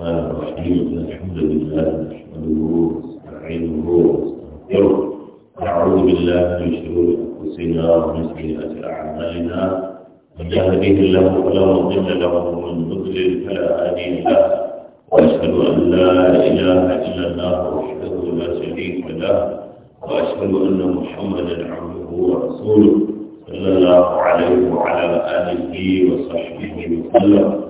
الرحمن الرحيم الحمد لله نحمده ونستعينه ونستغفره ونعوذ بالله من شرور انفسنا ومن سيئات اعمالنا من يهده الله فلا مضل له ومن يضلل فلا هادي له واشهد ان لا اله الا الله وحده لا شريك له واشهد ان محمدا عبده ورسوله صلى الله عليه وعلى اله وصحبه وسلم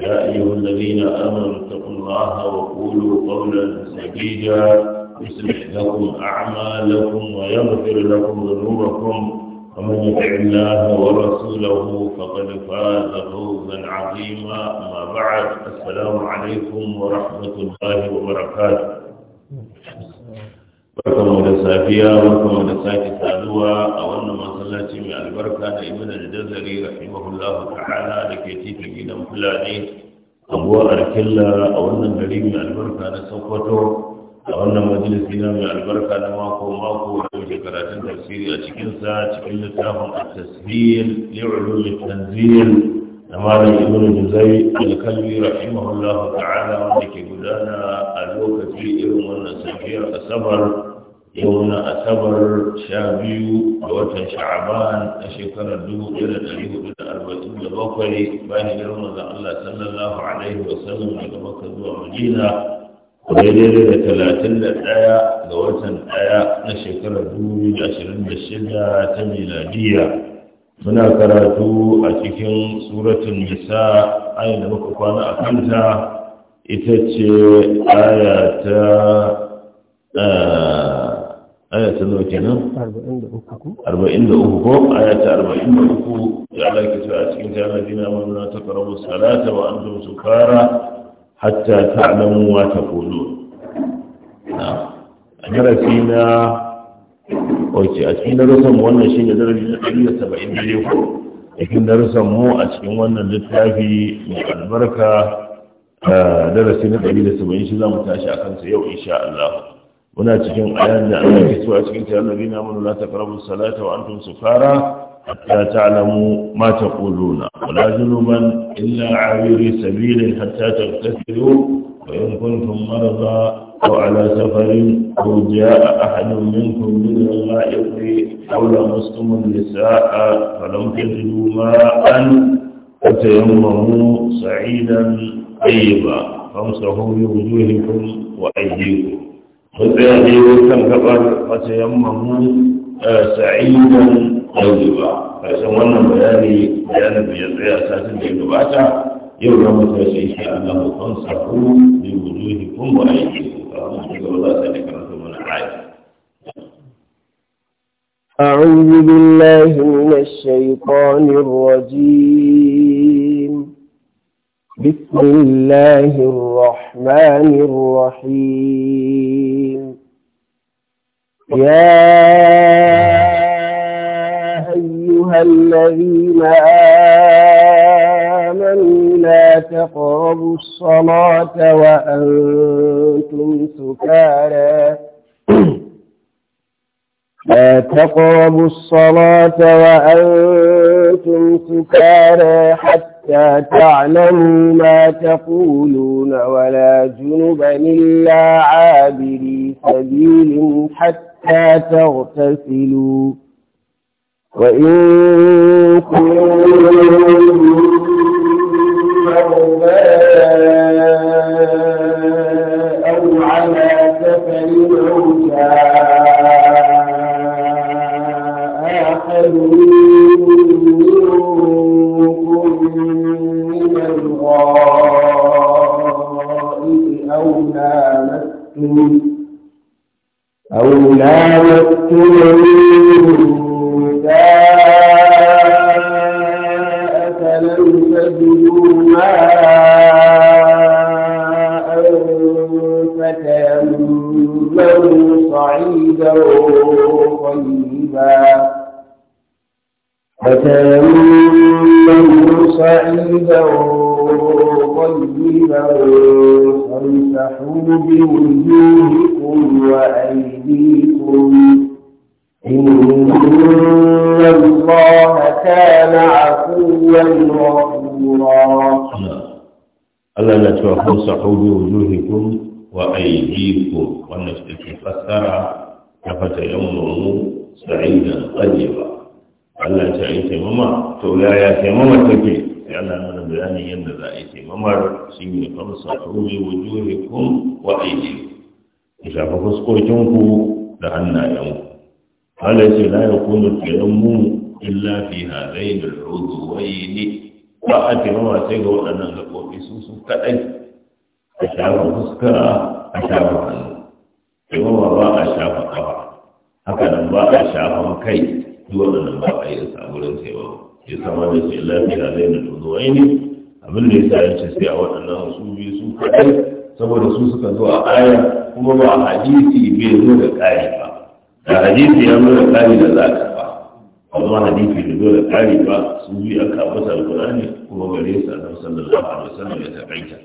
يا أيها الذين آمنوا اتقوا الله وقولوا قولا سديدا يصلح لكم أعمالكم ويغفر لكم ذنوبكم ومن يطع الله ورسوله فقد فاز فوزا عظيما أما بعد السلام عليكم ورحمة الله وبركاته barkanmu da safiya barkanmu da sake saduwa a wannan masallaci mai albarka da ibn al-jazari rahimahullahu ta'ala da ke titin gidan fulani abuwa arkilla a wannan gari mai albarka na sokoto a wannan majalisi na mai albarka na mako mako da wuce karatun tafsiri a cikinsa cikin littafin at-tasbih li'ulum at-tanzil da malam ibn juzai al-kalbi rahimahullahu ta'ala wanda ke gudana a lokaci irin wannan safiyar asabar yau na asabar sha biyu a watan sha'aban na shekarar dubu ɗaya da ɗari hudu da arba'in da bakwai bayan hijirar manzon Allah sallallahu alaihi wa sallam daga Makka zuwa Madina daidai da talatin da ɗaya ga watan ɗaya na shekarar dubu biyu da ashirin da shida ta miladiya muna karatu a cikin suratun nisa ayin da muka kwana a kanta ita ce aya ta eh, aya ta nawa kenan 43 ko aya ta 43 ya Allah ke a cikin jami'ina wannan ta karabu salata wa antum sukara hatta ta'lamu wa taqulu na a darasi na oke a cikin darasan mu wannan shine darasi na 172 ko cikin darasan mu a cikin wannan littafi mai albarka darasi na 170 shi zamu tashi akan sa yau insha Allah وناتكم أن أنك سواتكم الذين آمنوا لا تقربوا الصلاة وأنتم سكارى حتى تعلموا ما تقولون ولا جنوبا إلا عابري سبيل حتى تغتسلوا وإن كنتم مرضى أو على سفر أو جاء أحد منكم من الغائط أو لمستم النساء فلم تجدوا ماء فتيمموا سعيدا طيبا فامسحوا بوجوهكم وأيديكم mun tsaya ne kan gabar wata yamma mu eh, sa'idan ɗaukewa ƙarshen wannan bayani bayanin da ya tsaya satin da ya gabata yau na mutu shi shi a nan mutum sahu da wujuhi kun ba aiki kafin shi gaba za su da karanta mana ayi. أعوذ بالله من الشيطان الرجيم بسم الله الرحمن الرحيم يا أيها الذين آمنوا لا تقربوا الصلاة وأنتم سكارى لا تقربوا الصلاة وأنتم سكارى حتى حتى تعلموا ما تقولون ولا جنبا إلا عابري سبيل حتى تغتسلوا وإن كنتم Thank أو آخرون أو لا يقتلون داءة لم تجدوا ماء فتيمموا صعيدا طيبا فتيمموا صعيدا طيبا فامسحوا بوجوهكم وأيديكم إن الله كان عفوا غفورا Allah na cewa kun sahu bi wujuhikum wa aydikum wannan shi ke fassara ta fata yawmu sa'idan tayyiba Allah ta yi taimama to ya ya taimama take sai Allah mana bayanin yadda za a yi taimamar shi ne famsa rubi wujuhi kun wa aiki ku shafa fuskokinku da hannayenku hala ce la ya kunu mu illa fi hadain al ne? ba a taimama sai ga waɗannan gaɓoɓi su su kaɗai a shafa fuska a shafa hannu taimama ba a shafa ƙafa. haka nan ba a shafan kai duk waɗannan ba a yi sa wurin taimama ya sama da su lafiya zai na da zuwa ne abin da ya sa ya ce sai a waɗannan su biyu su kaɗai saboda su suka zo a aya kuma ba hadisi bai zo da ƙari ba da hadisi ya zo da ƙari da za ka ba amma hadisi da zo da ƙari ba su a aka masa alƙur'ani kuma gare su annabi sallallahu alaihi wasallam ya taƙaita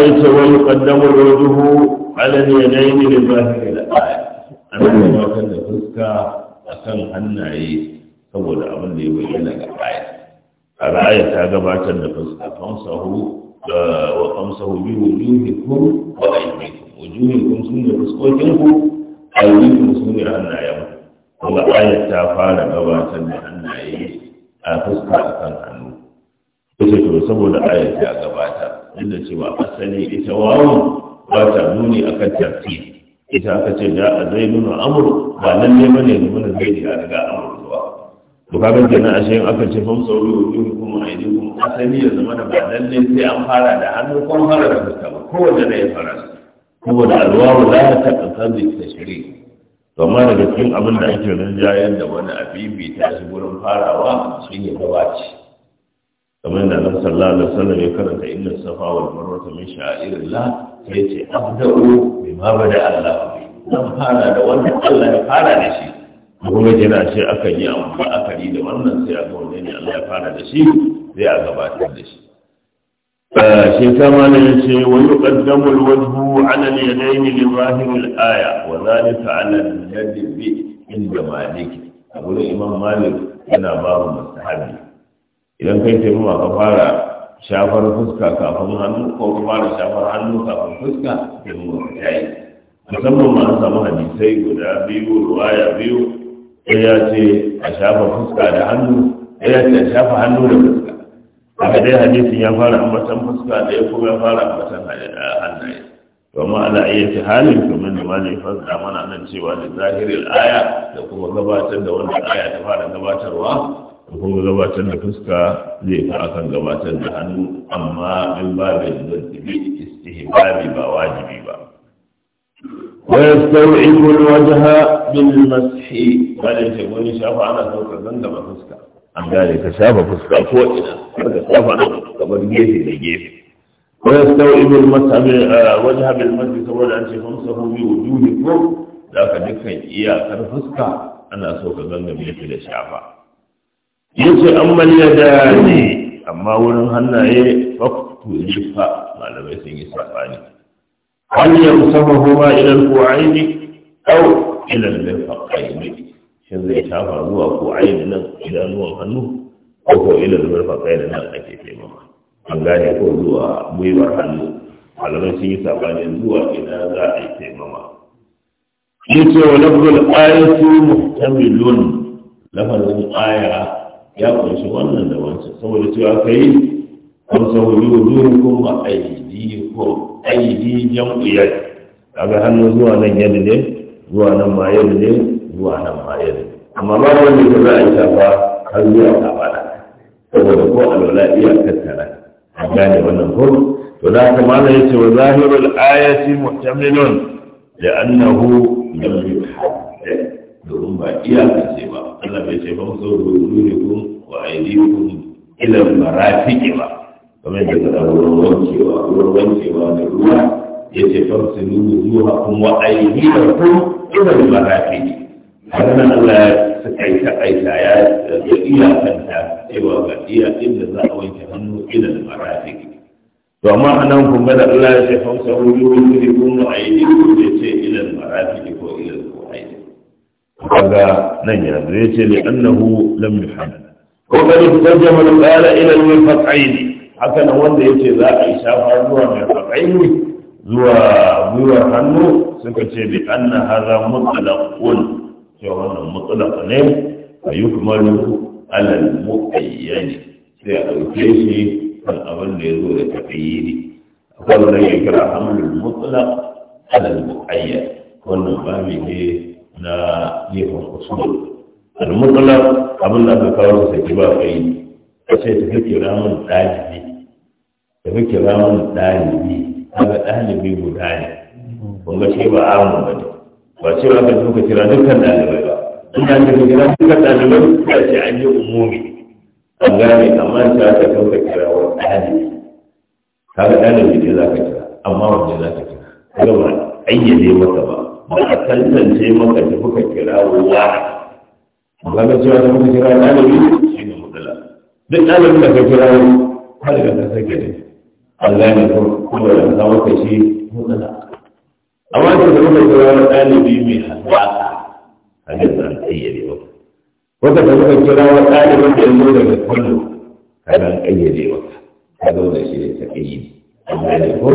ya ce wani ƙaddamar wa yuqaddamu wajhu ala yadayni li zahiri al-aya annabi ya kan da fuska a kan hannaye saboda abin da ya bayyana ga aya a ra'aya ta gabatar da fasahu wa famsahu bi kun wa aydikum wujuhikum aiki fuskokinku aydikum da hannayen ga ayat ta fara gabatar da hannaye a fuska akan hannu ita to saboda ayat ta gabatar inda cewa asali ita wawo ba ta nuni akan tartib ita aka ce da a zai nuna amur ba lalle bane nuna zai da daga amur to ka ganke na ashe in aka ce fam sauri wa yi kuma aidi kuma asali ya zama da ba lalle sai an fara da hannu ko fara da fuska ba kowanne ne ya fara saboda alwawu la ta kasabi tashri to amma daga cikin abin da ake rinjayar da wani abibi ta shi gurin farawa shine gabaci kamar da nan sallallahu alaihi wasallam ya karanta inna safa wal marwa min sha'irillah sai ya ce abda'u bima bada Allah zan fara da wannan, Allah ya fara da shi kuma yana ce aka yi amma yi da wannan sai aka wani ne Allah ya fara da shi zai a gabatar da shi shi kama ne ya ce wa yi ƙaddamul wajhu ala yadaini li zahiril aya wa zalika ala yadi bi inda maliki a gurin imam malik yana masu mustahabi idan kai ce ruwa ka fara shafar fuska kafin hannu ko ka fara shafar hannu kafin fuska sai mu ta yi musamman ma an samu hadisai guda biyu ruwaya biyu sai ya ce a shafa fuska da hannu sai ya ce a shafa hannu da fuska haka dai hadisin ya fara ambatan fuska da ya kuma ya fara ambatan hannaye ana iya ce halin kamar da ne fasa mana nan cewa da zahirin aya da kuma gabatar da wannan aya ta fara gabatarwa da kuma gabatar da fuska zai fi akan gabatar da hannu amma in da zartibi istihbabi ba wajibi ويستوعب الوجه بالمسح قال يا wani shafa ana saukar gangama fuska an gane ka shafa fuska ko ina ka shafa nan kamar gefe da gefe ويستوعب المسح وجه بالمسح saboda an ce famsahu bi wujuhikum da ka dukkan iyakar fuska ana so ka gangame da shafa yace amma ne amma wurin hannaye faktu fa, malamai sun yi sabani هل ينصبهما إلى الكوعين أو إلى المرفقين shin zai shafa zuwa ko ayin nan idanuwan hannu ko ko ilil murfaƙai da nan ake taimama an gane ko zuwa gwiwar hannu malamai sun yi sabanin zuwa ina za a yi taimama shi ce wa lafzul ayatu muhtamilun lafazin aya ya ƙunshi wannan da wancan saboda cewa kai amsawuri wujuhukum kuma aydikum aidi jam'u jam'iyyar, kaga hannu zuwa nan yadda ne zuwa nan ma yadda ne zuwa nan ma yadda amma ba wanda ta za a yi shafa har zuwa na, saboda ko lola iya tattara A gane wannan ko to da haka mana ce wa zahirul ayati muhtamilun da annahu lam yuhaddith domin ba iyaka ce ba Allah bai ce ba musu ko wa ko ila marafiqi ba kamar da kada wurin wankewa wurin wankewa da ruwa ya ce farsu nuna zuwa kuma wa'ayi da kuma irin marafi har nan Allah ya takaita aita ya iya kanta cewa ga iya inda za a wanke hannu idan marafi to amma anan kun ga da Allah ya ce farsu nuna zuwa a yi ya ce idan marafi ko idan kuwaye kaga nan ya zai ce li annahu lam yuhammad ko kada ku tarjama qala ila al-fat'aini haka nan wanda ya ce za a yi shafa zuwa mai faƙaini zuwa gwiwar hannu suka ce bi an na haza mutsalakun cewa wannan mutsalak ne a yi kuma alal muƙayyani sai a ɗauke shi kan abin da ya zo da taƙayyiri akwai da ya kira hamlin mutsalak alal muƙayyan wannan babi ne na gefen usul al-mutlaq abin da aka kawo sai ba kai ta ce tafi kira mun ɗalibi tafi kira mun ɗalibi haka ɗalibi guda ne kun ga shi ba amu ba ne ba ce ba ka zo ka kira dukkan ɗalibai ba in ka tafi kira dukkan ɗalibai ka ce an yi umumi an gane amma ta ka zo ka kira wa ɗalibi kaga ɗalibi ne za ka kira amma wanne za ka kira kaga ba ayyade maka ba ba a tantance maka tafi ka kira wa ba ka cewa tafi ka kira ɗalibi duk ɗalibin da ka kira yau ka daga ka gari, da shi Allah ne ko kuma da ta maka shi mutsala amma da ka muka kira wani ɗalibi mai hazaka a ga zan kayyade ba wata ka muka kira wani ɗalibin da ya zo daga kullu ka zan kayyade ba ka zo da shi da ta Amma Allah ne ko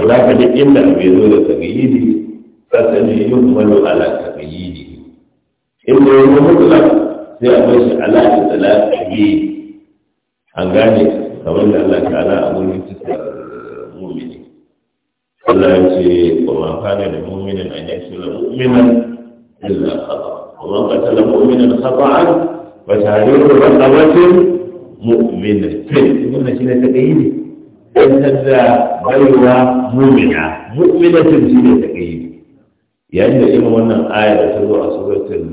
Allah ka duk inda bai zo da ta kayyade yin yukmalu ala taqyidi inda yawon mutlaq sai a bashi ala da ala itlaqi an gane kamar da Allah ta ala a wurin cikin mumini Allah ya ce wa ma kana da muminin an yasula mu'minan illa khata wa man qatala mu'minan khata'an wa tahriru raqabatin mu'minatin wannan shine ta kai ne dan da baiwa mu'mina mu'minatin ne ta kai ne yayin da irin wannan ayar da ta zo a suratul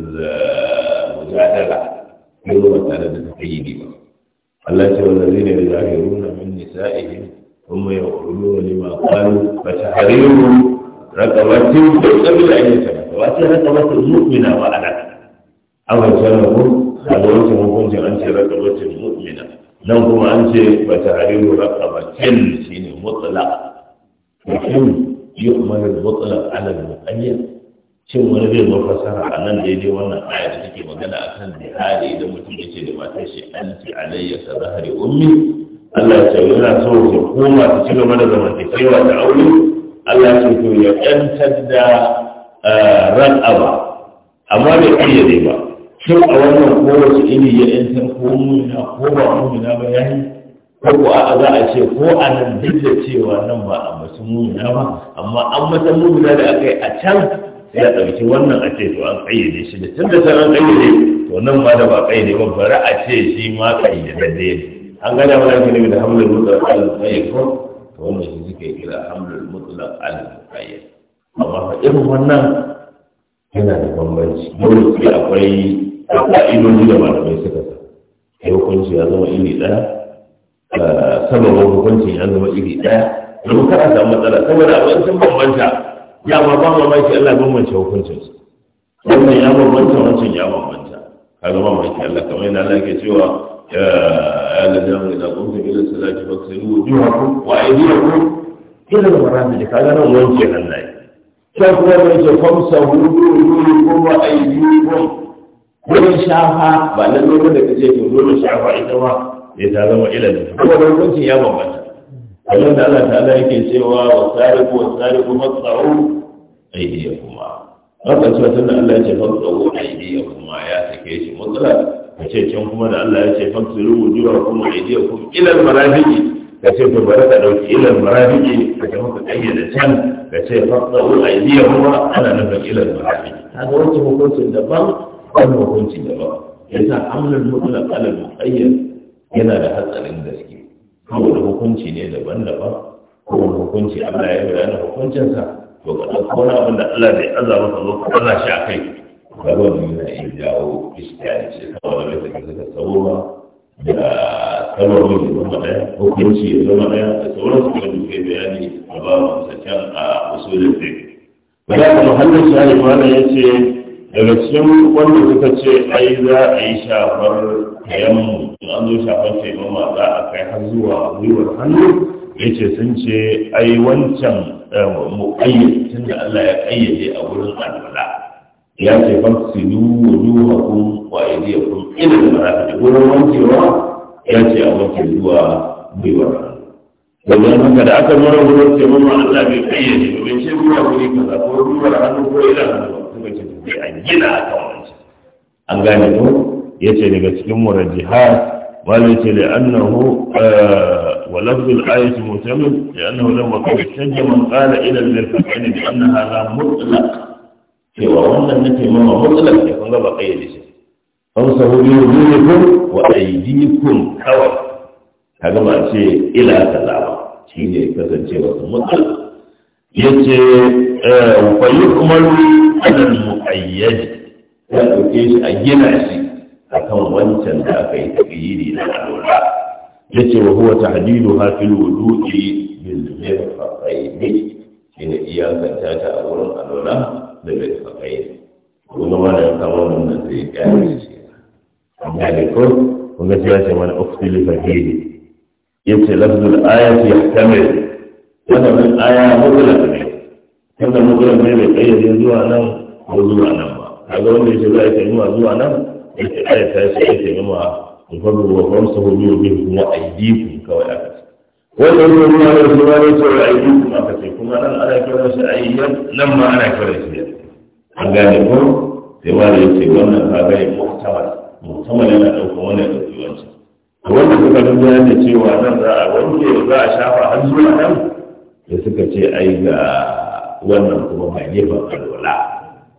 mujadala ko ba tare da ta kai ne ba Allah ce wa zai ne da zahiruna min nisa'ihim kuma ya ƙulu ne ma ƙwalu ba ta hariru rakabatin da ƙabila an yi sadaka ba ce rakabatin mu'mina ba ana awon sanaku a ga wancan hukuncin an ce rakabatin mu'mina nan kuma an ce ba ta hariru rakabatin shi ne mutsala mutum yi umarar mutsala alal mu'ayyar cin wani zai mafasara a nan daidai wannan ayat ake magana akan zihari idan mutum ya ce da matar shi anti alayya ka zahari ummi Allah ya ce yana so ya koma su ci gaba da zamantakewa da aure Allah ya ce to ya yantar da eh, ran'aba amma bai ƙayyade ba shin a wannan kowace iri ya yantar ko mumina ko ba mumina ba ya yi ko ko a za a ce ko a nan duk da cewa nan ba a masu mumina ba amma an mata mumina da aka yi a can sai a ɗauki wannan a ce to an ƙayyade shi da tun da sanan ƙayyade to nan ba da ba ƙayyade ba bari a ce shi ma ƙayyade ne an gane mana ake ne da hamlul mutlaq al qayyad to wannan shi suke kira hamlin mutlaq al ƙayyade amma fa irin wannan yana da bambanci dole sai akwai ƙa'idoji da malamai suka sa kai hukunci ya zama iri ɗaya eh, sababin hukuncin ya zama iri ɗaya domin kada a samu matsala saboda abincin bambanta ya ma ba mamaki Allah ya bambance hukuncin su wannan ya bambanta wancan ya bambanta ka kaga mamaki Allah kamar yadda Allah yake cewa ya alladina idza qumtum ila salati faghsilu wujuhakum wa aydiyakum ila marami da kaga nan wanke ya sai ya mai ce famsa wujuhakum wa aydiyakum ya shafa ba nan ne da kace to dole shafa ita ma sai ta zama ilal kuma hukuncin ya bambanta kamar da Allah ta'ala yake cewa wa sariqu wa sariqu fasau aydiyakuma haka cewa tunda Allah ya ce fasau aydiyakuma ya sake shi matsala. ka ce can kuma da Allah ya ce fasulu wujuhakum aydiyakum ila al-marafiqi ka ce to bari ka dauki ila al-marafiqi ka ce muka kayyade can ka ce fasau aydiyakuma ana nufin ila al-marafiqi kaga wancan hukuncin daban wannan hukuncin daban yasa amrul mutlaq ala al-muqayyad yana da hatsarin gaske kowane hukunci ne daban-daban kowane hukunci Allah ya bayyana da hukuncinsa to ga ɗauko wani abin da Allah bai azaba ka zo ka shi a kai ga wani yana iya jawo iska ce ta wani da take da sauro da kalmomi da zama ɗaya hukunci ya zama ɗaya da sauran su kan duke bayani a ba mu a usulin zai. Bayan da muhallin shi ya ce daga cikin wanda suka ce ai za a yi shafar kayanmu in an zo shafar taimama za a kai har zuwa gwiwar hannu ya ce sun ce ai wancan eh, mu. tun da Allah ya ƙayyade a wurin alwala ya ce faksilu wujuhakum wa aydiyakum da al-marafiq wurin wankewa ya ce a wanke zuwa gwiwar hannu wajen haka da aka mara wurin taimama Allah bai ƙayyade ba bai ce zuwa wuri kaza ko gwiwar hannu ko ina hannu suka ce sai an gina a kan wancan an gane ko ya ce daga cikin murajihar malai ce da annahu eh, wa lafzul ayatu mutamin da annahu lamma kawai shajja man qala ila al-firqain bi anna hadha mutlaq cewa wannan nake mama mutlaq ne kun gaba ba kayyade shi fansahu bi wujuhikum wa aydikum kawai kaga ba ce ila kaza ba shine kasancewa Ya ce. ويكمل على المقيد ya ɗauke shi a gina shi a kan wancan da aka yi tafiyi na alwala ya ce wa huwa tahdidu hafil wudu'i bil mirfaqaini shine iyakanta ta a wurin alwala da mirfaqaini kuma wanda ya kama wannan sai ya yi shi amma da ko kuma ya ce mana uftili fahimi ya ce lafzul ayati yahtamil wannan aya mutlaq ne mu mutum mai bai kayyade zuwa nan ko zuwa nan ba kaga wanda yake za a yi zuwa nan yake ta yi tashi ya ce mima in fadu wa su hudu wa bin kuma aidiku kawai aka ce wanda yake zuwa nan shi ma ne cewa aidiku aka ce kuma nan ana kiran shi ayyan nan ma ana kira shi an gane ko sai ma da yake wannan kaga ya muhtamar muhtamar yana ɗaukar wannan ɗauki wancan wanda suka duba da cewa nan za a wanke za a shafa har zuwa nan da suka ce ai ga wannan kuma ba gefen alwala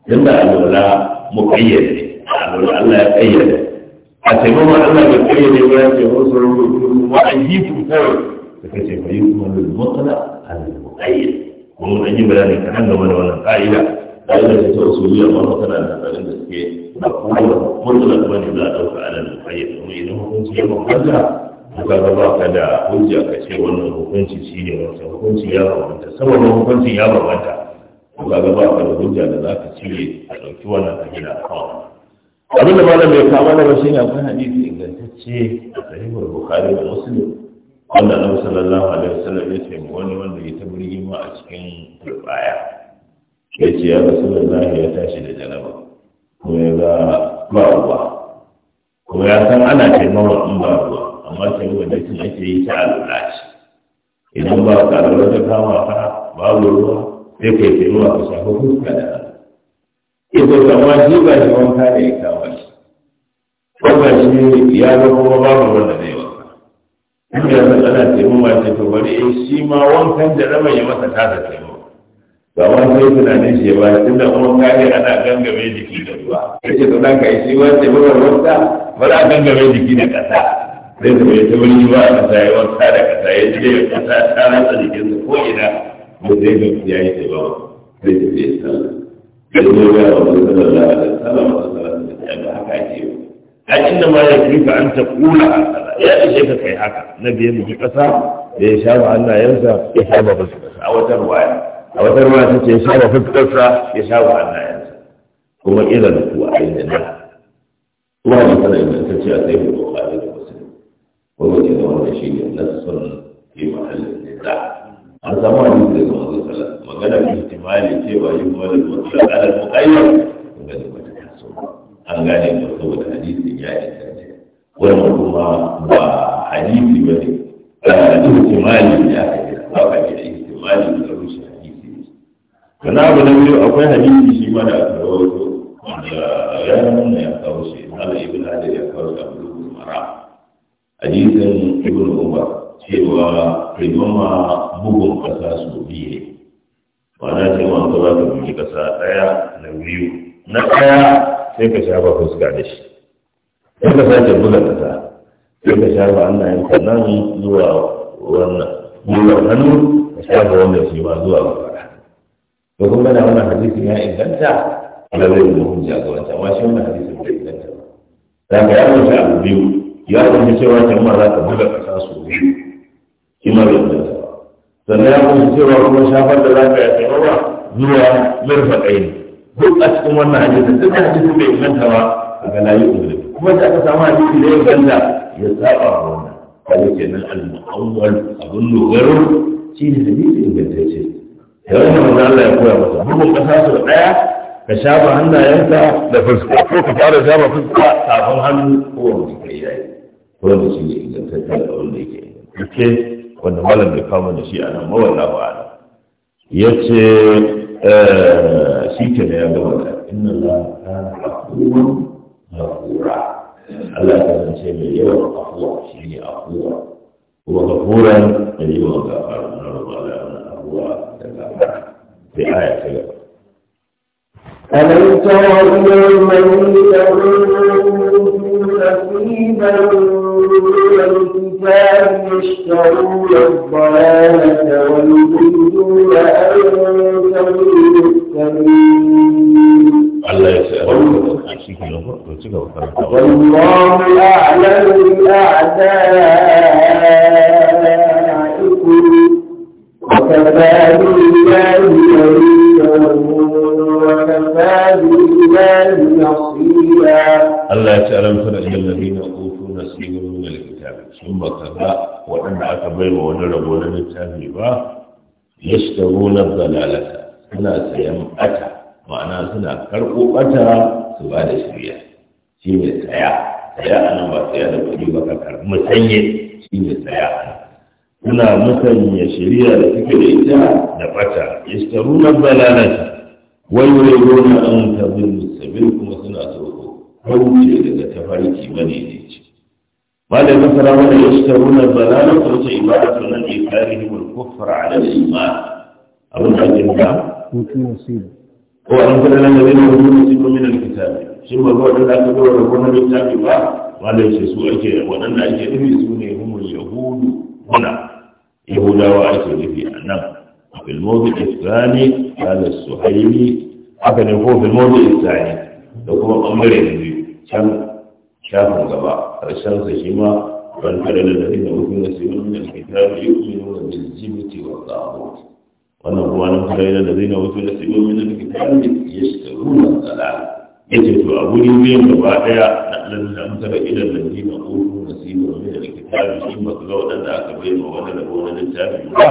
tun da alwala mu kayyade alwala Allah ya kayyade a taimama Allah ya kayyade ba ya ce wasu rubutu wa an yi kawai suka ce fa yi kuma da mutala a lulu kayyade kuma an yi bayani kaɗan game da wannan ka'ida ka'ida ce ta usuliya ma kana da tsarin da suke da kowa matsala kuma ne za a ɗauka a mu kayyade mu idan hukunci ya bambanta ka ga ba ka da hujja ka ce wannan hukunci shi ne wata hukunci ya bambanta saboda hukuncin ya bambanta to ka ga ba ka da hujja da za ka cire a ɗauki wannan a gina a kawo abin da malam bai kama da ba shi ne akwai hadisi ingantacce a sahihul bukhari da muslim wanda annabi sallallahu alaihi wasallam ya ce wani wanda ya taɓa rigima a cikin turbaya ya ce ya rasulullahi ya tashi da jalaba kuma ya ga ba ruwa kuma ya san ana taimawa in ba ruwa amma ta yi wanda cin ake yi ta alula ce idan ba ka lura wata kama ka babu ruwa sai kai yi ruwa ka shafa fuska da hannu ita kama shi ba shi wanka da ya kama shi kuma shi ya ga kuma babu wanda zai wanka in ya san ana ma ce to bari shi ma wankan da rama ya masa ta taimama ba wani sai tunanin shi ba tun da kuma kare ana gangame jiki da ruwa ya ce to dan ka yi shi wanda ya buga wanka ba za a gangame jiki da ƙasa zai zama ya tabbali ba a kasa ya wanka da kasa ya ji da kasa ta rasa jikinsa ko ina ba zai ga ya yi sai ba zai tafi ya sallah da zai ga wa zai sallah da sallah wa sallah da ta da haka ake yi a inda ma ya fi ka an ta kula a sallah ya ishe ka kai haka na biyan da kasa da ya sha wa Allah yansa ya sha ba fuska a wata waya. a wata ruwaya ta ce ya sha ba fuskarsa ya sha wa Allah yansa kuma irin ku a inda na. Kuma da sanar da ta ce a sai da Bukhari kowace da wanda shi ne na nassun yi mahallin nisa an yi da zama zai sallallahu magana ihtimali cewa yi wani mutlaq ala muqayyad kuma da wata taso an gane ko saboda hadisin ya yi inganta wani kuma ba hadisi bane ihtimali ne aka kira ba ka kira ihtimali da rushe hadisi ne kana abu na biyu akwai hadisi shi ma da aka rawaito wanda ya nuna ya kawo shi ala ibn Hajar ya kawo shi hadisin ibn umar cewa rigoma bugun kasa su biye ma'ana cewa an zama ka bugi kasa ɗaya na biyu na ɗaya sai ka shafa fuska da shi sai ka sake buga kasa sai ka shafa hannayen ka nan zuwa wannan buga hannu ka shafa wanda shi ba zuwa ba. to kun gana wannan hadisin ya inganta ala zai yi a ga wancan amma shi wannan hadisin bai inganta ba za ka yi abu biyu ya kunshi cewa jama'a za ta buga ƙasa su biyu kima bai zanta ba sannan ya kunshi cewa kuma shafar da za ka yi jama'a zuwa mirfa ɗaya duk a cikin wannan hadisi duk da hadisi bai inganta ba a ga layi umar kuma da aka samu hadisi da ya inganta ya saba wa wannan kaga kenan al-mu'awwal abun dogaro shi ne hadisi ingantacce da wannan manzo Allah ya koya masa bugun ƙasa su ɗaya ka shafa hannayenka da fuska ko ka fara shafa fuska kafin hannu ko wani kai yayi ko da shi ne ingantacce da wanda yake ingantacce wanda malam bai kama da shi a nan mawallahu a'lam ya ce shi ke da ya gama da inna la kana afuwan ghafura Allah ya kasance mai yawan afuwa shi ne afuwa kuma ghafuran da yawan gafara na rubuwa da afuwa da gafara sai aya ta gaba ألم تر إلى من يعود أهل الكتاب يشترون الضلالة ويريدون أن تضلوا السبيل والله أعلم بأعدائكم وكفى بالله وكفى بالله نصيرا الله تعالى مثل الذين أوتوا نصيبا in baka ga waɗanda aka bai wa wani rabo na littafi ba Ya yashtaruna dalalata suna sayan bata ma'ana suna karɓo bata su ba da shirya shi ne saya saya a nan ba saya da kuɗi ba ka karɓi musanye shi ne saya a nan suna musanya shirya da suke da ita da bata yashtaruna dalalata wai wai gona an tabbin musabil kuma suna so kauce daga tafarki bane ne malam masara wanda ya shi taruna zalala ko ce ibada to nan ne karihi wal kufra ala al iman abun da ake nuka ko an kuma nan da yana wani musibu min al kitab shi ba ko da aka ga wannan wannan littafi ba malam ce su ake wadanda ake nufi su ne humul في الموضع الثاني هذا السهيلي haka kuma ɓangare da shafin gaba harshen sa shi ma ban tare da zai da mutum da su yi wani alkitab yi kuma yi wani jibiti wa tsabo wannan kuma nan tare da zai da mutum da su yi wani alkitab ya shiga ta runa ya ce to a guri biyan gaba ɗaya, na lallan tara idan da zai da mutum na su yi wani alkitab shi ba su ga waɗanda aka bai ma wani da wani littafi ba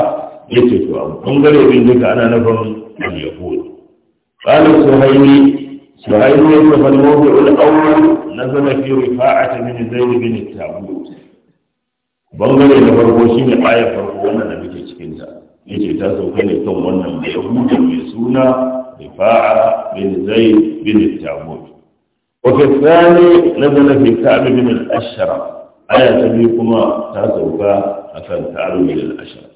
ya ce to a ɓangare bin duka ana nufin al-yahud قال السهيلي فأيضا فالموضع الأول نزل في رفاعة من زيد بن التابوت bangare na farko shi ne ayar farko wannan da muke cikin ta yace ta sauka ne kan wannan mai yahuda mai suna rifa'a bin zaid bin tabut wa fi fi ka'b bin al-ashra ta biyu kuma ta sauka akan ka'b bin al-ashra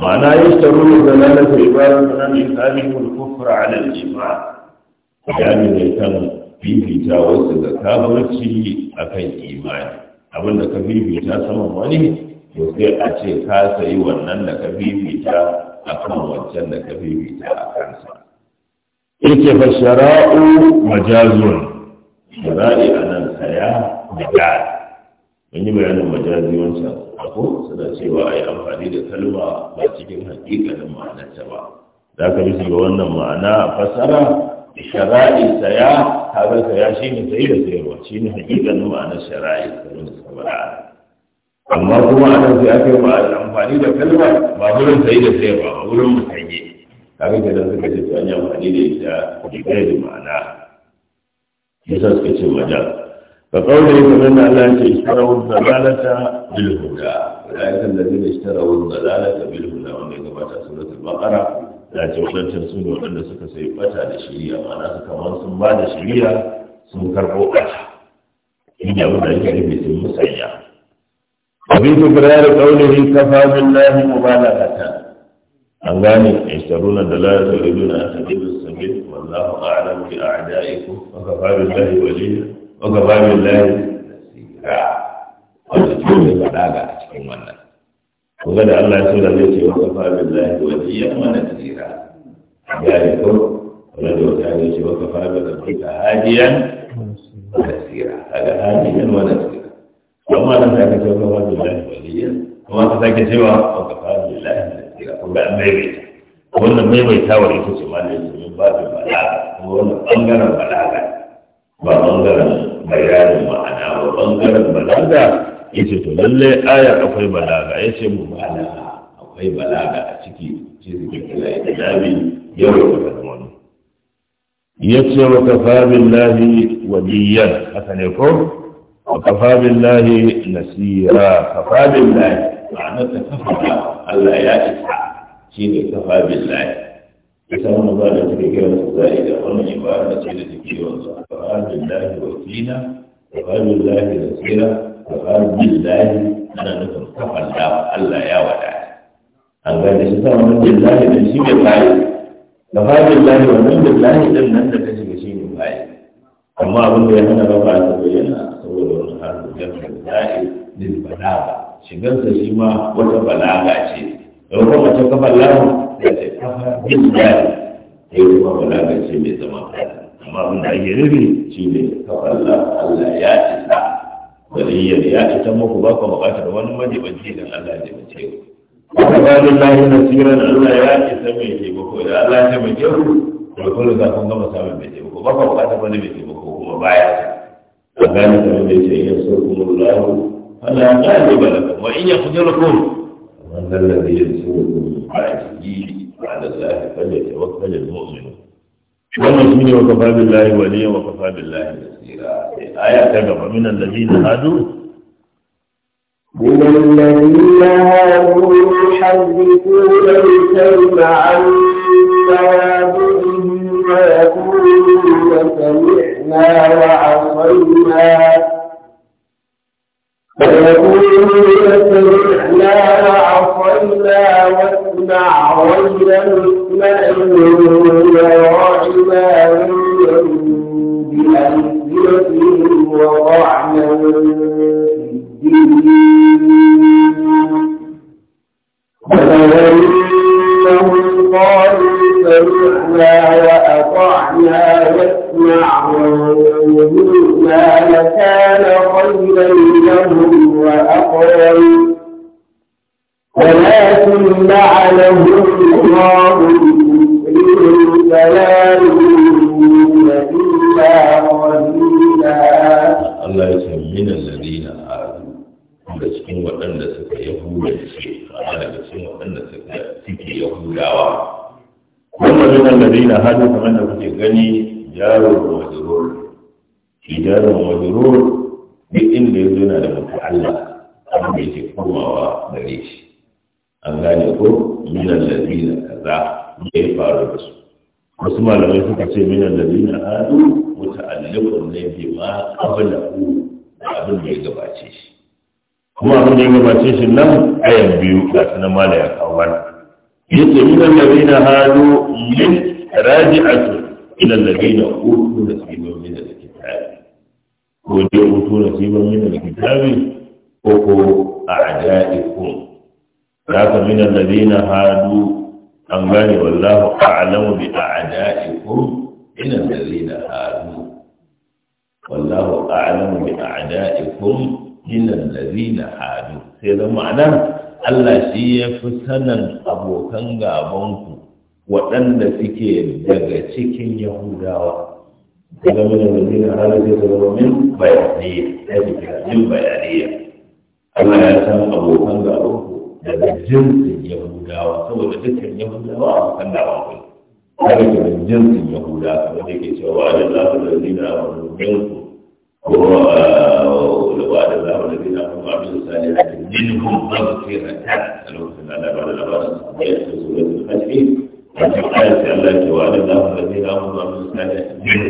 ma'ana yashtaru dalalatu ibaratun an yusabihu al-kufra 'ala al-iman yani ne kan fifita wasu da kafirci akan imani abin da ka fifita saman wani to sai a ce ka sayi wannan da ka fifita akan wancan da ka fifita a kansa yake fa shara'u majazun shara'i anan saya majaz an yi bayanin majazi wancan ko suna cewa a yi amfani da kalma ba cikin hakikalin ma'anarta ba za ka bisa ga wannan ma'ana fasara shara'i saya kaga saya shi ne sai da sayarwa shi ne hakikanin ma'anar shara'i kamar sabara amma kuma ana sai a yi amfani da kalma ba wurin sai da sayarwa ba wurin mutane kaga ke da suka ce su an yi amfani da ita da da ma'ana yasa suka ce majal فقوله كمان الله اشتروا الضلالة da أولئك الذين اشتروا الضلالة بالهدى ومن قبل سورة البقرة da ce wadancan su ne waɗanda suka sai bata da shirya ma'ana su kamar sun ba da shirya sun karɓo bata in da yake rufe sun musanya abin su firar yin kafa da mubalagatan an gane ishtaruna da la yuriduna a tajibu sabil wallahu a'lam bi a'da'ikum a kafa billahi waliya wa kafa da nasira wanda ke da daga a cikin wannan kuma da Allah ya so da zai ce wa kafa billahi waliya wa nasira ya yi ko wala da wata ya ce wa kafa billahi hadiyan wa nasira kaga hadiyan wa nasira amma nan da ce wa kafa billahi waliya kuma ka sake cewa wa kafa billahi nasira kuma an bai wannan maimaitawar ita ce malamin ba babin balaga kuma wannan bangaren balaga ba bangaren bayanin ma'ana ba bangaren balaga yace to lalle ayar akwai balaga yace mu balaga akwai balaga a ciki shi suke da dami yau da zamanu yace wa kafa billahi waliyan haka ne ko wa kafa billahi nasira kafa billahi ma'ana ta kafa Allah ya isa ne kafa billahi ita wannan ba da take su da zai da wannan ibara ce da take yawan sa kafa billahi wakila kafa billahi nasira kamar billahi ana nufin kafan da Allah ya wadata an gane shi sa wannan billahi din shi ne bayi da fa billahi wannan billahi din nan da kace shi ne bayi amma abin da ya hana ba ba ta yana saboda wannan har da billahi din balaga sa shi ma wata balaga ce da kuma mace kafan lahu da ta kafa billahi sai kuma balaga ce mai zama amma abin da ake rubi shi ne kafan Allah ya ta. waliyar ya isa muku ba ku buƙatar wani majibanci idan Allah ya mace ku Alhamdulillah lahi nasiran Allah ya isa mai taimako idan Allah ya taimake ku to kun za kun gama samun mai taimako ba ku buƙatar wani mai taimako kuma baya a gane kamar da ce ya so kuma lahu Allah ya gane ba lakum wa in yakhjurukum man alladhi yansurukum ajiyi ala Allah falyatawakkal al-mu'min wannan shine wa kafa billahi waliya wa kafa billahi الآية تقف من الذين هادوا من الذين هادوا يحرفون الكلم عن مواضعه ويقولون سمعنا وعصينا ويقولون سمعنا وعصينا واسمع غير مسمع وراعنا بأنفسنا بأيديهم وطعنا قالوا سمعنا وأطعنا واسمع وانظرنا لكان خيرا لهم وأقوم ولكن لعنهم الله minan ladina hadu an gane wallahu a'lamu bi a'da'ikum minan ladina hadu wallahu a'lamu bi hadu sai da ma'ana Allah shi ya fi sanin abokan gabanku waɗanda suke daga cikin yahudawa daga minan ladina hadu sai da min bayaniya bayaniya Allah ya abokan gabanku daga jinsin yahudawa saboda dukkan yahudawa a Allah wa kai daga daga jinsin yahudawa wanda ke cewa da zafi da zina a wani yanku ko da ba da zafi da zina ko ba bisa sani da minhum maghfiratan a lokacin da Allah ba da labarin sahabbai a cikin suratul hajji a cikin ayat sai Allah ke wa da zafi da zina ko ba bisa sani da minhum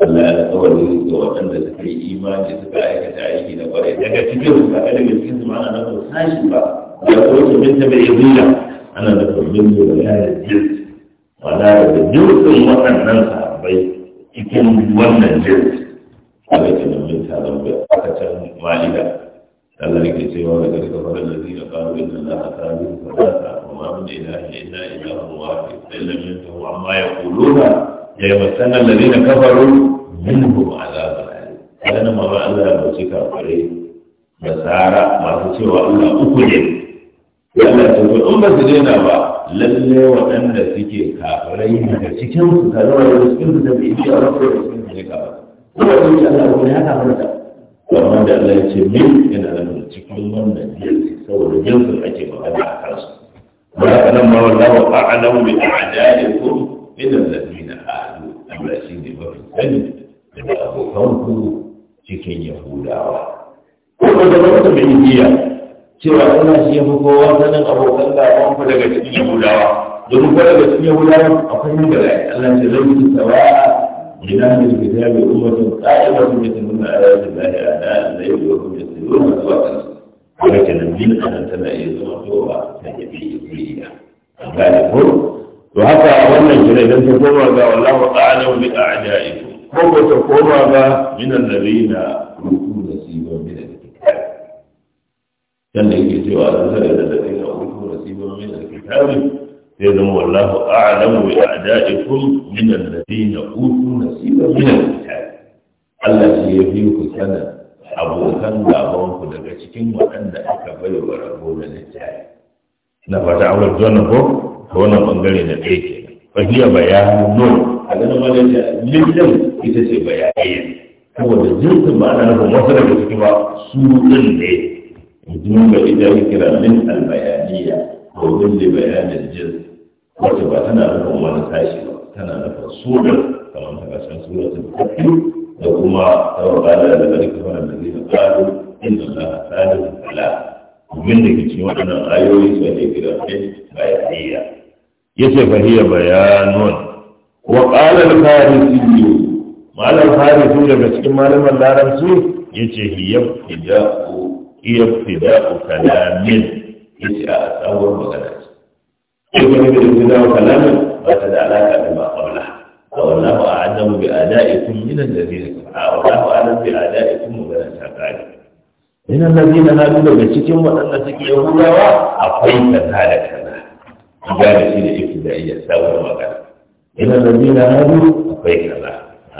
Allah ya tsawari ga waɗanda suka yi imani suka aikata aiki na kwarai daga cikin su ka daga cikin su ma'ana na sashi ba yaƙoƙi minta mai shirina ana da kwallon da wala da jirs wala da jirsin waɗannan sahabbai cikin wannan jirs a da ke nan minta a kacar walida Allah ne ke cewa da ƙarfi kamar da zai na ƙaru da na ta bi da ta ta kuma mun da ina shi ina ina ruwa ke tsallan min ta wa amma ya kulo na ya yi masanan da zai na kafaro min ba ma za su rayu ya na mawa Allah da tsara masu cewa Allah uku ne yana tafi in ba su daina ba lalle waɗanda suke kafarai daga cikin su ka zama da cikin su da bai iya rafa da cikin su ne kafirai kuma sun yi Allah kuma ya kafa da wannan da Allah ya ce min yana da cikin wannan jinsi saboda jinsin ake magana a kansu ba ka nan ma wallahu a'lamu bi a'daikum illa allazina adu Allah shi ne mafi sani da abokan ku cikin yahudawa ko da wata bai iya cewa Allah shi ya fi kowa sanin abokan gaban ku daga cikin Yahudawa domin ko daga cikin Yahudawa akwai nan gaba Allah ce zai yi sawa'a ina ne da ta bi ummatin qa'imatu bi tunna ayati Allah ana la yuhum yasirun wa tawakkalu walakin min an tana yuzma tuwa ta yabi ibriya gane ko to haka wannan kira idan ta koma ga wallahu a'lamu bi a'da'ikum ko ta koma ga min annabiyina ruku da sibo min كان يجي سوى أنزل الذين أوتوا نصيبا من الكتاب سيدنا da أعلم بأعدائكم من الذين أوتوا نصيبا من kitabi. Allah shi ya fi ku sanin abokan gabanku daga cikin waɗanda aka bai wa rabo na littafi. Na fata an wajen na ko, ta wannan bangare na ɗaya ke. Fahiyar bayanin nun, a ganin wani da lillan ita ce Kuma Saboda jinsin ba na nufin wasu daga cikin ba su ɗin ne duba ita kira min albayaniya domin da bayanin jins wata ba tana nufin wani sashi ba tana nufin sura kamar ta kashin suratul kafir da kuma ta tawakala da zalika wannan da zai faɗo inna allaha salihu ala domin da ke cikin waɗannan ayoyi su ake kira min bayaniya Ya yace fahiya bayanon. wa qala al-farisi malam kare farisi daga cikin malaman larabci yace hiya ibda'u iya fida'u kalamin yace a tsawon magana ce in wani da fida'u kalamin ba ta da alaƙa da ba ƙaula a wallahu a adamu bi ada'ikum min alladhina a wallahu a'lamu bi ada'ikum magana ta kare min alladhina na daga cikin waɗanda suke yahudawa akwai kaza da kaza gane shi da iya tsawon magana ina da na hadu akwai kaza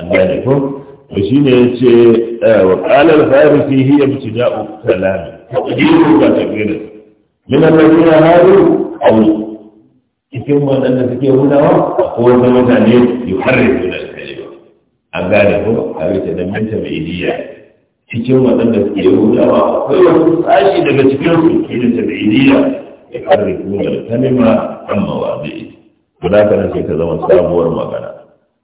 an gane ko to shine yace eh, wa qala al-farisi hiya ibtida'u kalam taqdiru wa taqdiru min alladhina hadu aw cikin waɗanda suke hudawa ko wanda mutane yuharrifuna al-kalima an gane ko a wace da manta mai idiya cikin waɗanda suke hudawa akwai wasu sashi daga cikin su ke da tabi'idiyya yuharrifuna al-kalima amma wadi'i to da kana sai ta zama sabuwar magana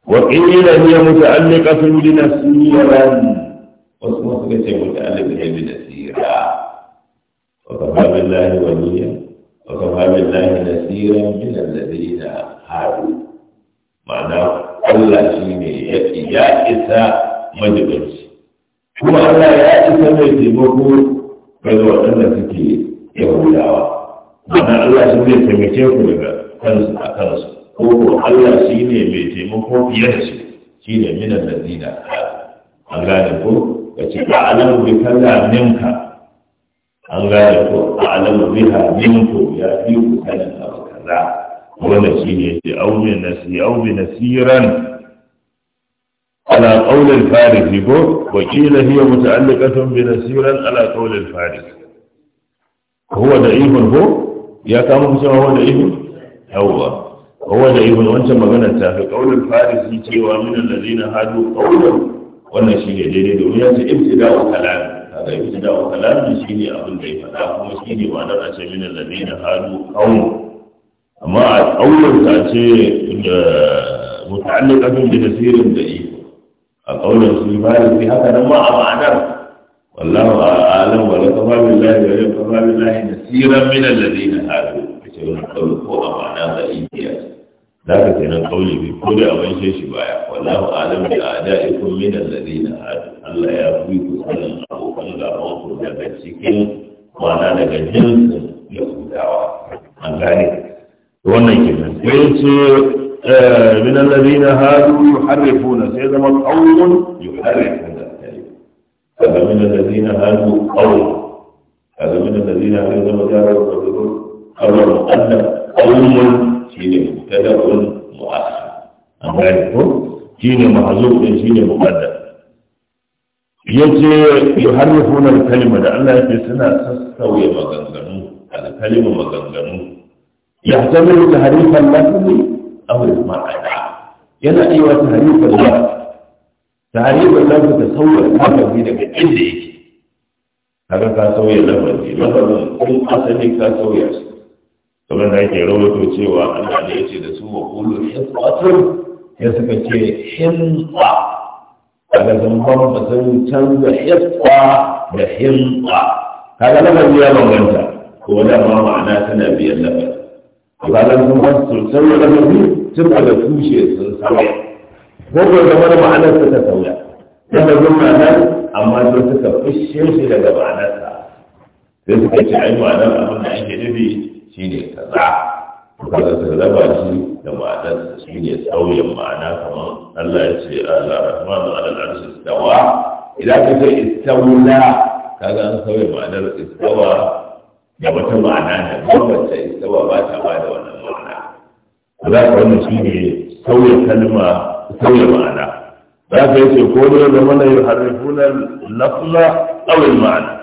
وقيل هي متعلقة بنسيرا واسمه كتير متعلقة بنسيرا وكفى بالله وليا وكفى بالله نسيرا من الذين هادوا معناه كل شيء يأتي إسا مجبس هو Allah ya isa mai taimako ga waɗanda suke yahudawa ma'ana Allah shi zai taimake ku daga kansu ko Allah shi ne mai taimako fiye da shi shi ne minan lazina an gane ko ka ce a alamu bi kaza minka an gane ko a alamu biha minku ya fi ku sanin abu kaza wannan shi ne ce au bi nasi au bi nasiran على قول الفارس وقيل هي متعلقة بنسيرا على قول الفارس هو ضعيف هو يا كم هو ضعيف هو هو ضعيف wancan maganar ta fi qaulul farisi cewa min allazina hadu qawlan wannan shi ne daidai domin ya ce ibtida'u kalam kaga ibtida'u kalam shi ne abin da ya faɗa kuma shi ne ma'anar a ce min allazina hadu qawlan amma a qawlan ta ce muta'alliqatun bi tasirin da'if a qawlan shi farisi haka nan ma a ma'anar والله أعلم ولا كفى بالله ولا كفى بالله نسيرا من الذين هادوا يقول هو معناه ضعيف ذاك كان القول بكل كل أول شيء شبايا والله أعلم بأعدائكم من الذين هادوا الله يفيد على الأخوة الأخوة جبا سكين وانا لك جنس يقول دعوة عن ذلك وانا كمان قلت من الذين هادوا يحرفون سيدا القول يحرفون هذا من الذين هادوا قول هذا من الذين هادوا قول قول قول shi ne mubtada'un mu'akhkhar an gane ko shi ne mahzuf din shi ne muqaddam yace yuharrifuna al-kalima da Allah yake suna sassauye maganganu al-kalima maganganu yahtamilu tahrifan lafzi aw al-ma'ana yana iya tahrifan lafzi tahrifan lafzi ta sauya lafzi daga inda yake kaga ka sauya lafazi lafazin kun asali ka sauya shi kamar da ake rawato cewa Allah ne yace da su wa kullu hisbatun ya suka ce himba daga zan ba zan canza hisba da himba kaga lafazin ya banganta, ko da ma ma'ana tana biyan lafazin zan sun ba su su sun tun daga tushe sun sauya ko ko zama da suka su ta sauya lafazin ma'anar amma sun suka fushe shi daga ma'anarsa sai suka ce ai ma'anar abin da ake nufi shi ne kaza kaga sun raba shi da ma'anar shi ne sauyin ma'ana kamar Allah ya ce Allah rahman da al-arshi istawa idan ka ce istawla kaga an sauya ma'anar istawa da wata ma'ana da gwamnati istawa ba ta ba da wannan ma'ana za ka wannan shi ne sauya kalma sauya ma'ana za ka yi ce ko ne da mana yi harifuna lafla tsawon ma'ana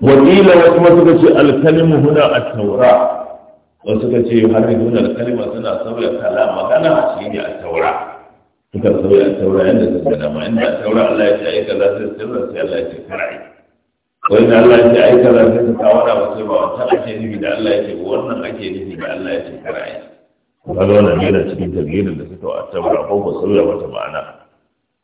wakila wasu ma suka ce alkalimu huna a taura wasu suka ce har yanzu huna alkalima suna sauya kala magana shi ne a taura suka sauya a taura yadda suka ma inda a taura Allah ya ce aika za su sirra sai Allah ya ce karai wai da Allah ya ce aika za su ta wada ba sai ba wancan ake nufi da Allah ya ce wannan ake nufi da Allah ya ce karai kaga wannan yana cikin tarihin da suka a taura ko ba sauya wata ma'ana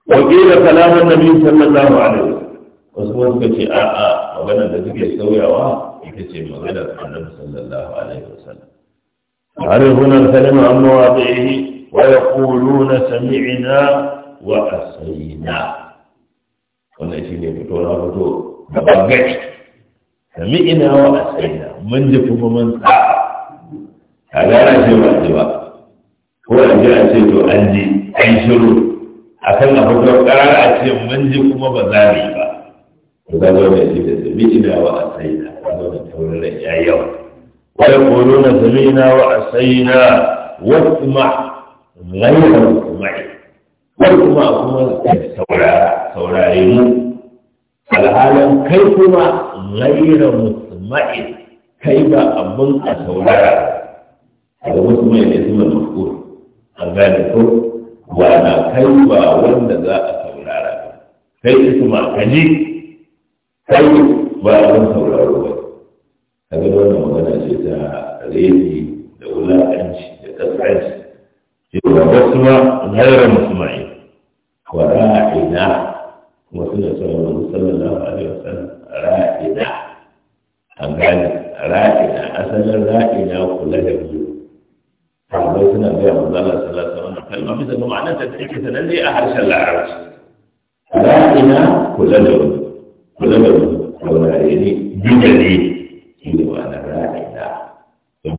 wakila kalamun nabi sallallahu alaihi wasallam wasu ma suka ce a'a Maganar da suke sauyawa ita ce maganar annabi sallallahu alaihi wasallam يعرفون الكلمة عن مواضعه ويقولون سمعنا وأسينا wannan shi ne fito na fito da bangare sami wa a tsaina mun ji kuma mun tsara a gara ce ba ce ba ko a ji a ce to an ji an shiru a kan a fito karara a ce mun ji kuma ba za mu yi to ga zo mai da sami'ina wa asaina ga da taurin ya yawa wa yaquluna sami'ina wa asaina wasma ghayra wa kuma kuma saurara saurare mu alhalan kai kuma ghayra musma'i kai ba abun a saurara da wasu mai ne suna mafkur an gane ko ba kai ba wanda za a saurara kai isma kaji kai ba abin sauraro ba a ga wannan magana ce ta rezi da wulaƙanci da ƙasƙanci cewa wasu ma gairar musulmai wara'ina kuma suna cewa wani sallallahu alaihi wasallam ra'ina an gane ra'ina asalin ra'ina kula da biyu sahabbai suna gaya manzo Allah sallallahu alaihi wasallam kalma bisa ga ma'anar ta take sananne a harshen larabci ra'ina kula da biyu kula da saurare ne bidare shi ne ma'anar ra'ida da za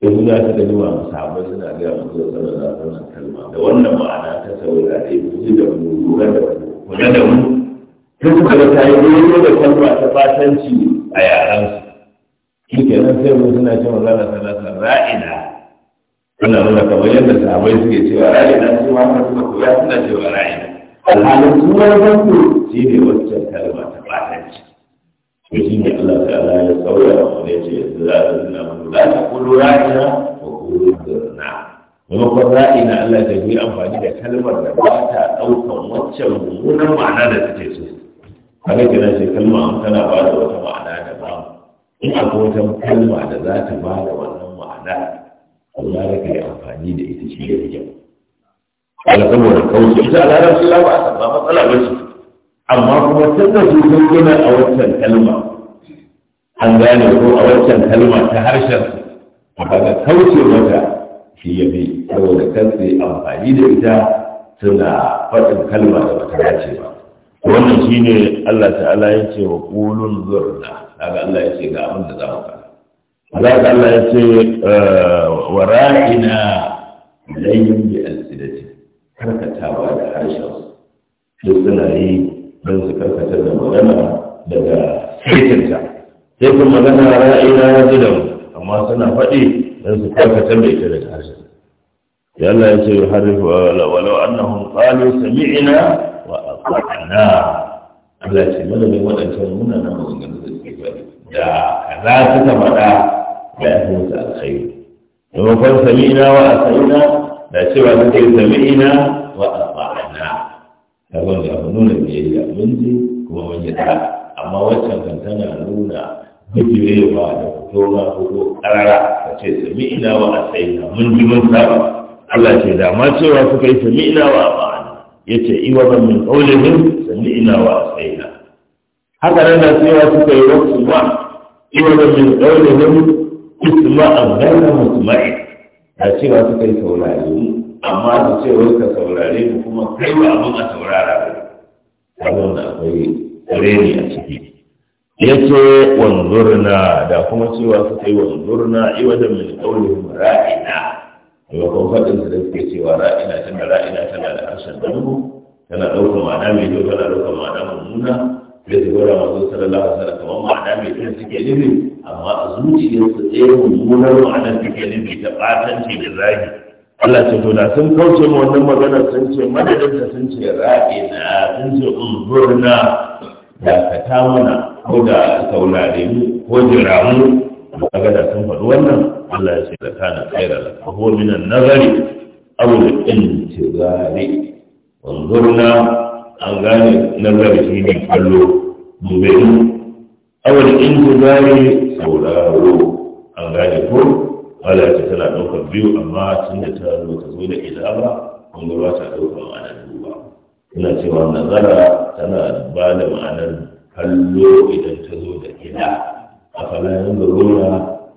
ta gani ma musamman suna gaya musu da sanar da sanar kalma da wannan ma'ana ta saurare musu da mu lura da mu kula da mu ta suka da ta yi lura da kalma ta fatanci a yaran su shi kenan sai mu suna ce maza da sanar ra'ida suna nuna kamar yadda sahabai suke cewa ra'ida su ma suka koya suna cewa ra'ida alhalin sunan farko shi ne wancan kalma ta batanci to shi ne Allah ta'ala ya sauya wa ya ce yanzu za a zina mana za ta kudu ra'ina wa kudu zirna maimakon ra'ina Allah ta yi amfani da kalmar da ba ta ɗaukan wancan mummunan ma'ana da take so haka kira ce kalma tana ba da wata ma'ana da ba in akwai wata kalma da za ta ba da wannan ma'ana Allah ya yi amfani da ita shi da kyau al'amura kauce ita a larabci la ba ba matsala ba ce amma kuma tunda su sun gina a wancan kalma an gane ko a wancan kalma ta harshen kaga kauce mata shi ya bi saboda kan sai amfani da ita suna faɗin kalma da bata dace ba wannan shine Allah ta'ala ya ce wa qulun zurna kaga Allah ya ce ga abin da za mu fara Allah ya ce wa ra'ina ilayhim bi al-sidati karkatawa da harshen duk suna yi don su karkatar da magana daga saitinta sai kuma magana ra'ina na zidan amma suna faɗi don su karkatar da ita daga harshen ya Allah ya ce yi harifu walau annahum qalu sami'ina wa ata'na Allah ya ce mana ne waɗancan muna nan maganganu da suke faɗi da kaza suka faɗa da ya fi musu alkhairi domin fan sami'na wa ata'na da cewa suke sami'ina wa asma'ana ta wanda abu nuna biyayya mun ji kuma wani ta amma waccan kan tana nuna bijirewa da fito ko ko karara. ta ce sami'ina wa asma'ana mun ji mun saba Allah ce da ma cewa suka yi sami'ina wa asma'ana ya ce iwa ban min ƙaulihin sami'ina wa asma'ana haka nan da cewa suka yi wasu ma iwa ban min ƙaulihin isma'an gaira musma'in a cewa su kai saurari mu amma su ce wai ka saurare mu kuma kai wa abin a saurara ba wannan akwai reni a ciki ya ce wanzurna da kuma cewa su kai wanzurna iwajen min mu, ra'ina kuma faɗin da suke cewa ra'ina tana ra'ina tana da harshen dambu tana ɗaukar ma'ana mai yau, tana ɗaukar ma'ana mummuna da su gwada masu sallallahu alaihi kamar ma'ana mai kyau suke nufi amma a zuciyarsu tsaye mummunar ma'anar suke nufi ta ɓatanci da zagi Allah ce to sun kauce ma wannan magana sun ce da sun ce ra'ina sun ce unzurna dakata mana ko da saurare mu ko jira mu magana sun faɗi wannan Allah ya ce da kana khaira la huwa minan nazari da al intizari unzurna an gane nazari shi ne kallo dubeni awal intizari sauraro an gane ko wala ta tana ɗaukar biyu amma tun da ta zo ta zo da ilaba an ba ta ɗaukar ma'anar duba ina cewa nazara tana ba da ma'anar kallo idan ta zo da ila a falayen zaruna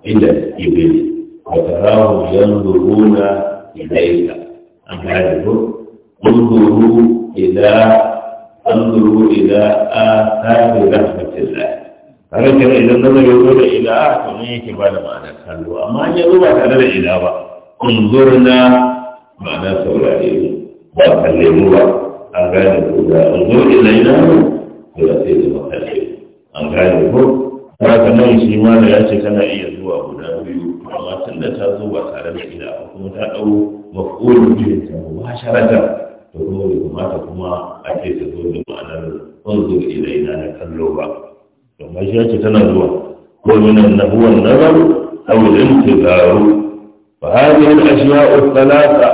ila ibili وتراه ينظرون an gane ko انظروا ila انظروا الى اثار رحمه الله فذكر الى النظر يقول الى اثار ما يكفى لما انا كالو اما ان يروى كذا الى انظرنا ما انا سوراهيم وكلموا اغانبوا انظروا الينا الى سيد المخلفين اغانبوا Haka nan shi ma da ya ce tana iya zuwa guda biyu, amma tun da ta zo ba tare da ila ba kuma ta ɗau mafi to kuma bai kamata kuma ake ce ta zo da ma'anar unzur ilaina na kallo ba domin shi ce tana zuwa ko minan nahuwan nazar aw intizaru fa hadhihi al-ashya' ath-thalatha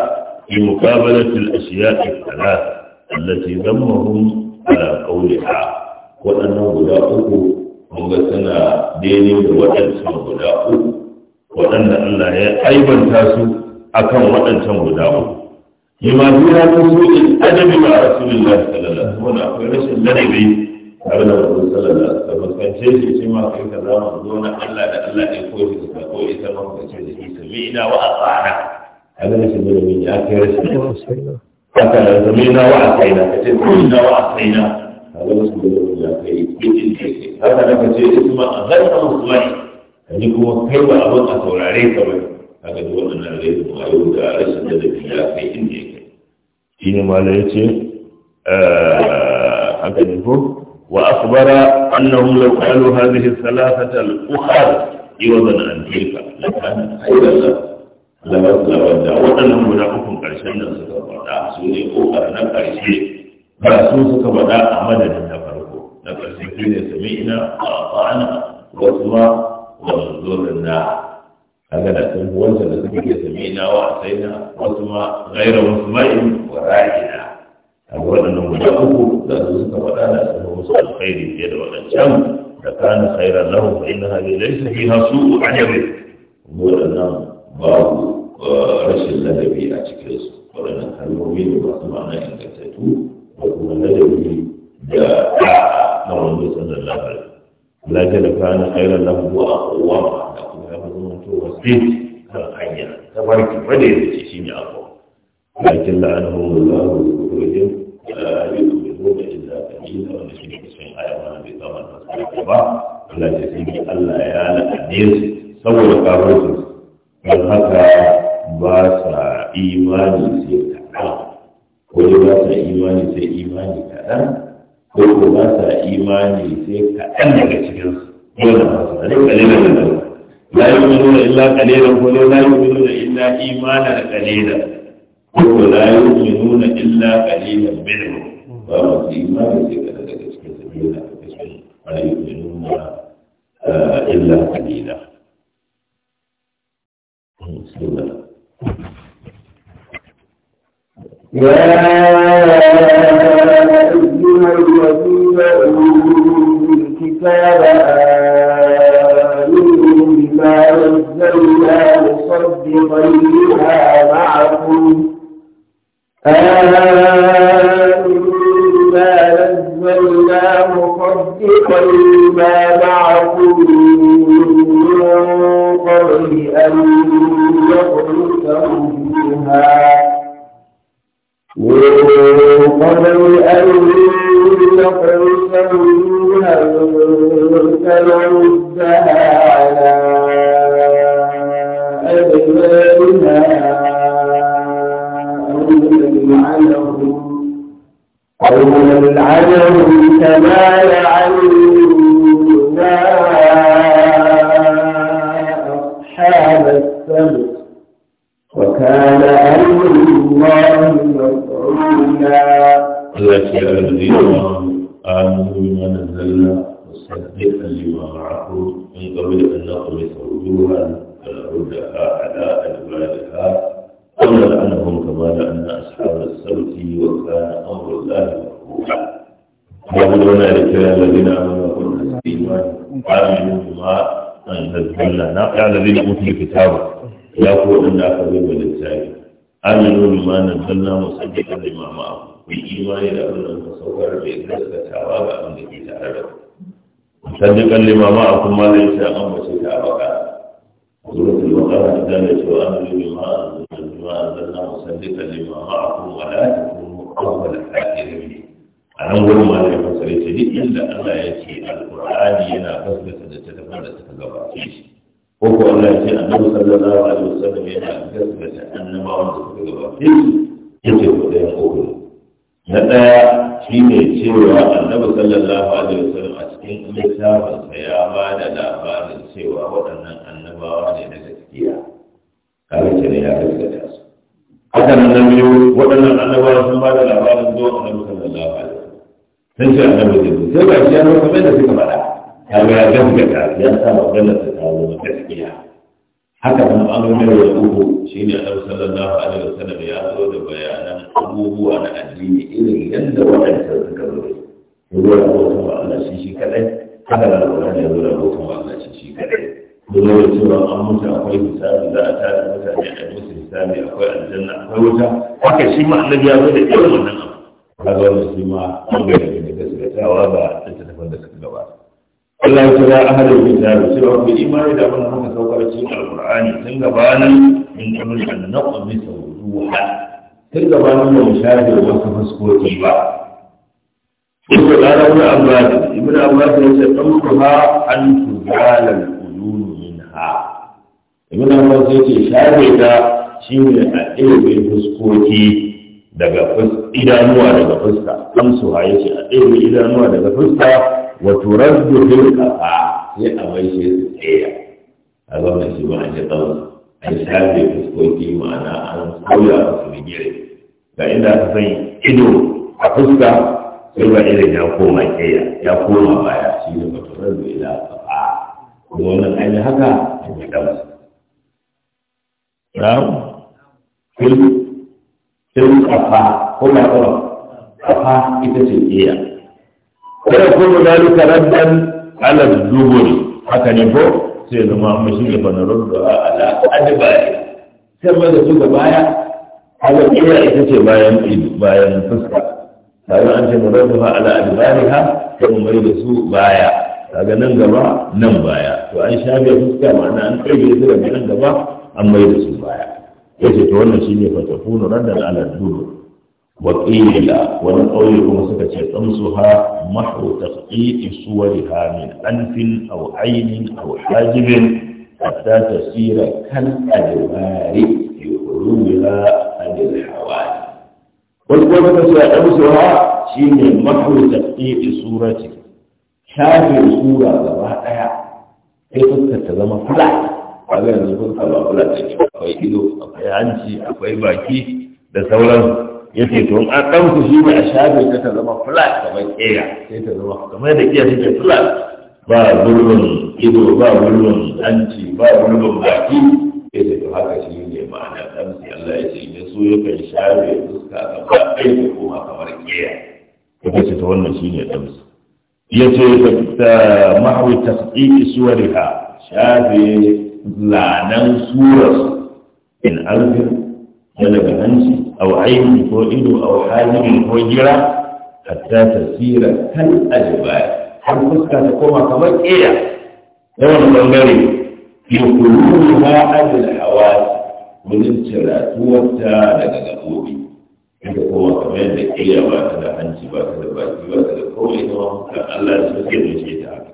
fi muqabalati al-ashya' ath-thalatha allati dhammahum ala qawliha waɗannan guda uku kuma suna daidai da waɗancan guda uku waɗanda Allah ya aibanta su akan waɗancan guda uku لما فيها من سوء الادب مع رسول الله صلى الله عليه وسلم هو أبنا رسول صلى الله عليه وسلم كان شيء في سماء في كذا مرضونا ألا ألا يقول في سماء هو إذا ما هو شيء في سمينا وأطعنا هذا ليش من مين أكير أكير سمينا وأطعنا سمينا وأطعنا هذا ليش من الله أكير بدين كذا هذا لك شيء اسمه غير مسلم هذيك هو كيف أبغى أقول عليه تبعي ان آه، واخبر انهم لو قالوا هذه الثلاثه الاخر جوابا عن تلك لكان خيرا لهم وانهم ملاقوكم قرشين سكبدا سوني اخر نقرشي فرسو سكبدا امدا نفرقو نقرشي سمعنا واطعنا وسمع وانظرنا kaga da sun fi wancan da suke ke sami na wa sai na wasu ma gaira wasu ma'in wa ra'ina a ga waɗannan guda uku da su suka faɗa da sun fi musu alkhairi fiye da waɗancan da kana khaira lahu fa inna hadhihi laysa fiha su'u ajabi waɗannan babu uh, rashin ladabi a cikin su waɗannan kalmomi ne masu ma'ana ingantattu da kuma ladabi da ta'a na wanda sallallahu alaihi wasallam la kana khaira lahu wa dai kan hanya ta farki wanda ya ce shi ne abu lakin la'anahu Allah wa yajin yu'minu da illa qalila wanda shi ne kusan aya wannan bai zama da ba Allah ya ce Allah ya la'ane su saboda kafirsu don haka ba sa imani sai kaɗan ko ba sa imani sai imani kaɗan ko ba sa imani sai kaɗan daga cikinsu yana masu da ne kalilin da يؤمنون إلا قليلا ولو لا يؤمنون إلا إيمانا قليلا ولو لا يؤمنون إلا قليلا منهم فما إيمان ولا يؤمنون إلا قليلا يا أيها الذين أوتوا الكتاب بغيرها معكم ما نزلناه مصدقا لما معكم من قبل أن يخلقهم بها من قبل أن نخلقهم بها فنعدها imani da abin da ku saukar da ita da tawa ga abin da ke tare da ku musaddiqan lima ma akum ma sha an ambace ta baka suratul baqara da ne to an lima ma anzalna anzalna musaddiqan lima ma akum wa la takunu awwal kafirin a nan gurin ma da fasare ce duk inda Allah ya ce alqur'ani yana fasara da ta tafsirin da ta gabace shi ko ko Allah ya ce annabi sallallahu alaihi wasallam yana gaskata annabawan da suka gabace shi yake ko da ya na ɗaya shi ne cewa annabi sallallahu alaihi wasallam a cikin littafinsa ya ba da labarin cewa waɗannan annabawa ne na gaskiya kare ce ne ya gaskata su haka nan na biyu waɗannan annabawa sun ba da labarin zuwa annabi sallallahu alaihi wasallam sun ce annabi zai sai ba shi ya zama kamar da suka faɗa kaga ya gaskata ya sa maganar ta zama gaskiya haka nan bangaren ya uku shi ne an annabi sallallahu alaihi wasallam ya zo da bayanan abubuwa na addini irin yadda waɗanda suka zo da zuwa rahoton wa Allah shi shi kaɗai haka nan Qur'ani ya zo da rahoton wa Allah shi shi kaɗai ko zo da cewa an mutu akwai hisabi za a tada mutane a musu hisabi akwai aljanna akwai wuta haka shi ma annabi ya zo da irin wannan abu kaga wannan shi ma an ga da gaskatawa ba ta tafar da suka gabata Allah ya kira ahalul kitab cewa ku imani da abin da muka saukar cikin alqur'ani tun gabanin min kamar an naqwa min sawduha tun gabanin mu shafe wasu fuskoki ba da Ibn Abbas Abbas Ibn Abbas ya ce tamkuha an tuzala al-uyun minha Ibn Abbas ya ce shafe ta shine a ɗaya fuskoki daga idanuwa daga fuska amsu ha yace a ɗaya idanuwa daga fuska wa turaddu fil ƙafa sai a bai shi tsaya a ga shi ba a ji tsawon an shafe fuskoki ma'ana an sauya su bigire ga inda aka sanya ido a fuska sai ba irin ya koma tsaya ya koma baya shi ne ba turaddu ila qafa kuma wannan an yi haka an yi damsu. Na'am. Fil qafa ko ba ƙafa ita ce tsaya wa yakunu dhalika raddan ala duburi haka ne ko sai zama amma shi gaba na rudu ala adbari sai ma da su ga baya haka iya ita ce bayan bayan fuska kaga an ce muradu ala ha kuma mai da su baya kaga nan gaba nan baya to an shafe fuska ma'ana an kirge su daga nan gaba an mai da su baya yace to wannan shine fatakunu raddan ala waƙila wani ƙauye kuma suka ce tsamsu ha mahu tafi'i suwari ha min ɗanfin a ainin a hajibin ta tasira kan alibari ya kuru ya alil hawaye. Wasu kuma suka ce tsamsu ha shi ne mahu tafi'i surati shafi sura gaba ɗaya sai suka ta zama fula. Wajen yanzu kun kama fula da ido, akwai hanci, akwai baki da sauran. yake to an ku shi ne a shafe ta ta zama flat kamar ƙeya sai ta zama kamar da ƙeya suke flat ba gurbin ido ba gurbin hanci ba gurbin baki sai ta to haka shi ne ma'ana ɗan sai Allah ya ce ne so ya shafe fuska ka ba kai ta koma kamar ƙeya ya ce ta wannan shi ne ɗan ya ce ta mahawi tasdiqi suwariha shafe lanan surar in arfin daga hanci أو عين فوئل أو حاجم فوجرة حتى تسير كالأجبال هل فسكة تقوم كمك إيا يوم الغنبري في قلوبها أهل الحواس من الشرات والتالة لقوبي عند قوة كمان إيا واتلا أنسي واتلا باتلا واتلا قوي الله سبحانه وتعالى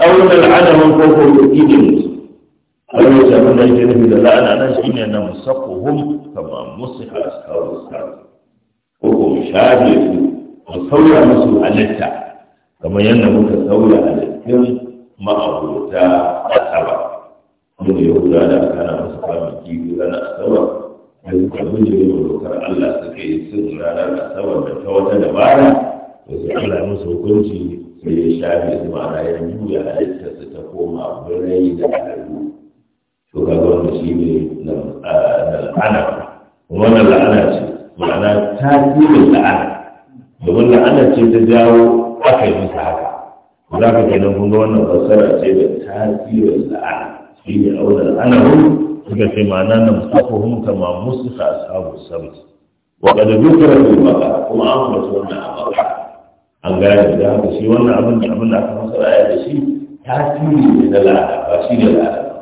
أو من العدم فوق الإبن أو من العدم فوق الإبن أو من العدم فوق الإبن أو من العدم فوق الإبن kama musu haskaru sabu ko ko mu shafe su mu sauya musu halitta kamar yadda muka sauya halittun a tsaba. Mun yi yahuda da aka na musu kama kifi ranar asaba da suka bujire yi dokar allah suka yi sun ranar asaba da ta wata dabara da su allah musu hukunci sai ya shafe su ma'ana ya juya su ta koma birai da alalu to kaga wannan shi ne na al'adar wannan la'ana ce ma'ana ta tasirin la'ana domin la'ana ce ta jawo aka yi musu haka za ka kenan kun ga wannan fassara ce da tasirin la'ana shi ne auna la'ana hun suka ce ma'ana na musafuhun kama musu ka asabu sabti wa kada dukkan su baka kuma an fasu wannan abaka an gane da haka shi wannan abin da abin da aka fassara ya da shi tasiri ne la'ana ba shi ne la'ana ba.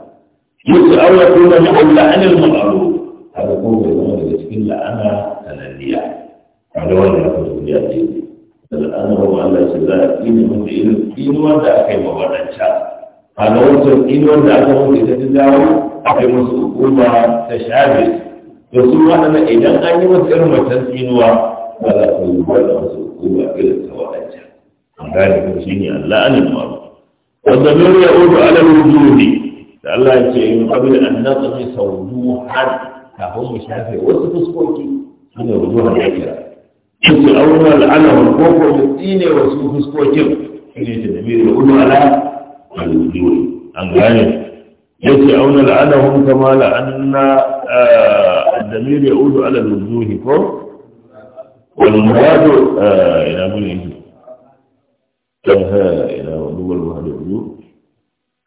Yusuf Allah kuma na Allah anil ma'aruf kaga ko bai zama daga cikin la'ana sananniya kaga wanda aka duniya ce da la'ana ba ma Allah ce za a ƙini mun da irin ƙinuwar da aka yi mabaranta kaga wancan ƙinuwar wanda aka wanda ita ta dawo aka yi musu hukuma ta shafe to su waɗanda idan an yi musu irin wancan ƙinuwa ba za ka yi wanda musu hukuma irin ta waɗancan an gane ko shi ne Allah anin maru wanda nuna ya udu ala wujudi da Allah ya ce in qabla an naqmi sawduhan kafin mu shafe wasu fuskoki su ne wujuhar nakira su auna al'anahu ko ko mu tsine wasu fuskokin su ne ta dami da ulu ala al-wujuhi an gane yace auna al'anahu kama la'anna الضمير يعود على الوجوه فوق والمراد إلى من تنهى إلى وضوء المهد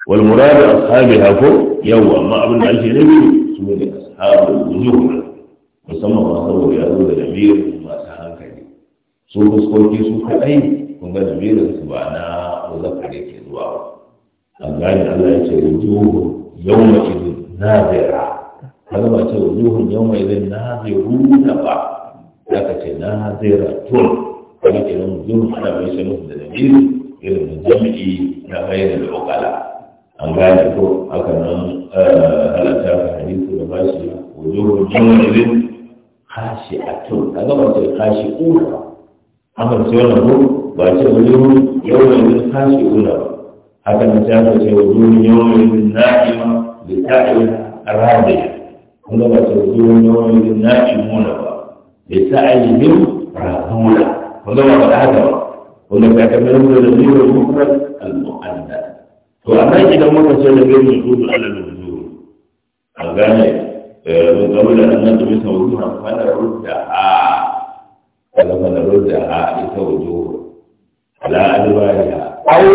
والمراد أصحابها فوق يوم ما أبن الأشياء نبي su ne ashabul wujuh musamman ma saboda ya zo da lamirin masu hankali su fuskoki su kaɗai kun ga lamirin su ba na muzakkar ke zuwa ba an gane Allah ya ce wujuh yawma idin nazira kaga ba ce wujuhun yawma idin na ba zaka ce nazira tun kaga kenan wujuhun ana mai shanu da lamiri irin jami'i na bayyana da ukala an gane ko aka nan halatta ka hadisu da bashi wujuhu jami'in kashi a tun a gaba ce kashi una ba amma ce wannan ko ba ce wujuhu yawon kashi una ba haka nan ta ce wujuhu yawon na'ima da ta'in rabiya kun gaba ce wujuhu yawon na'imuna ba da ta'in rabuna kun gaba ba da haka ba kun gaba ta kamar da zuwa mufrad al-mu'annas to a kan idan muka ce da gani mutu da alal wuzu a gane mun gaba da annan da bisa ha na da rudda a kala da rudda a ita wuzu ala alwariya au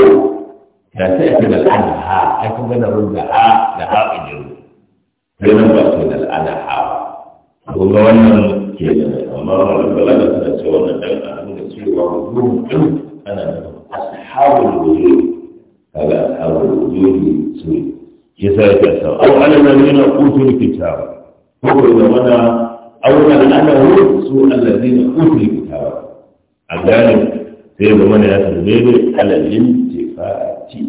da sai ka da al'adaha ai kun gana rudda a da ha ido sai nan ba su da al'adaha ko ga wannan ke da amma wannan da balaga da cewa wannan dan a nuna cewa wuzu ana da ashabul wuzu kaga ashabul wujuhi su ne yasa yake ashabu aw alana min utul kitab ko ko zamana aw alana su allazina utul kitab an gane sai mana ya tarbe ne alalin tifati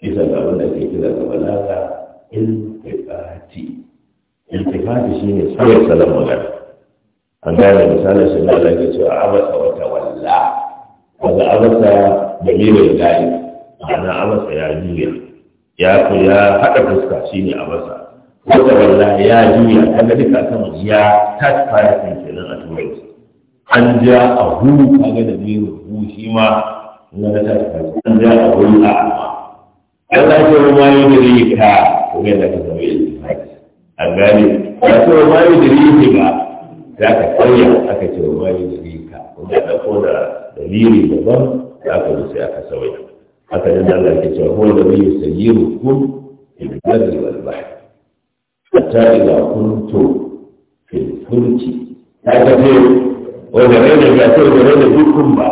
isa ga wanda ke kira ga balaga iltifati iltifati shine sai salam magana an gane misalin shi na Allah ke cewa abasa wata walla wanda abasa dalilin gani ana abasa ya juya ya ku ya haɗa fuska shi ne abasa ko da ya juya ta ga ka kan ya ta fara kan kenan a turai an ja a huru ka ga da biyu hu shi ma na ta fara an ja a huru a an ya ce ma yi da ka ko ya da ka zama yin a gane ya ce ma yi da ka za ka tsaya aka ce ma yi da ka ko da dalili daban za ka zo sai aka sauya haka nan ke cewa huwa alladhi yusayyirukum fil barri wal bahri hatta idza kuntum fil ta ga wanda ne da ya ce da ne dukkan ba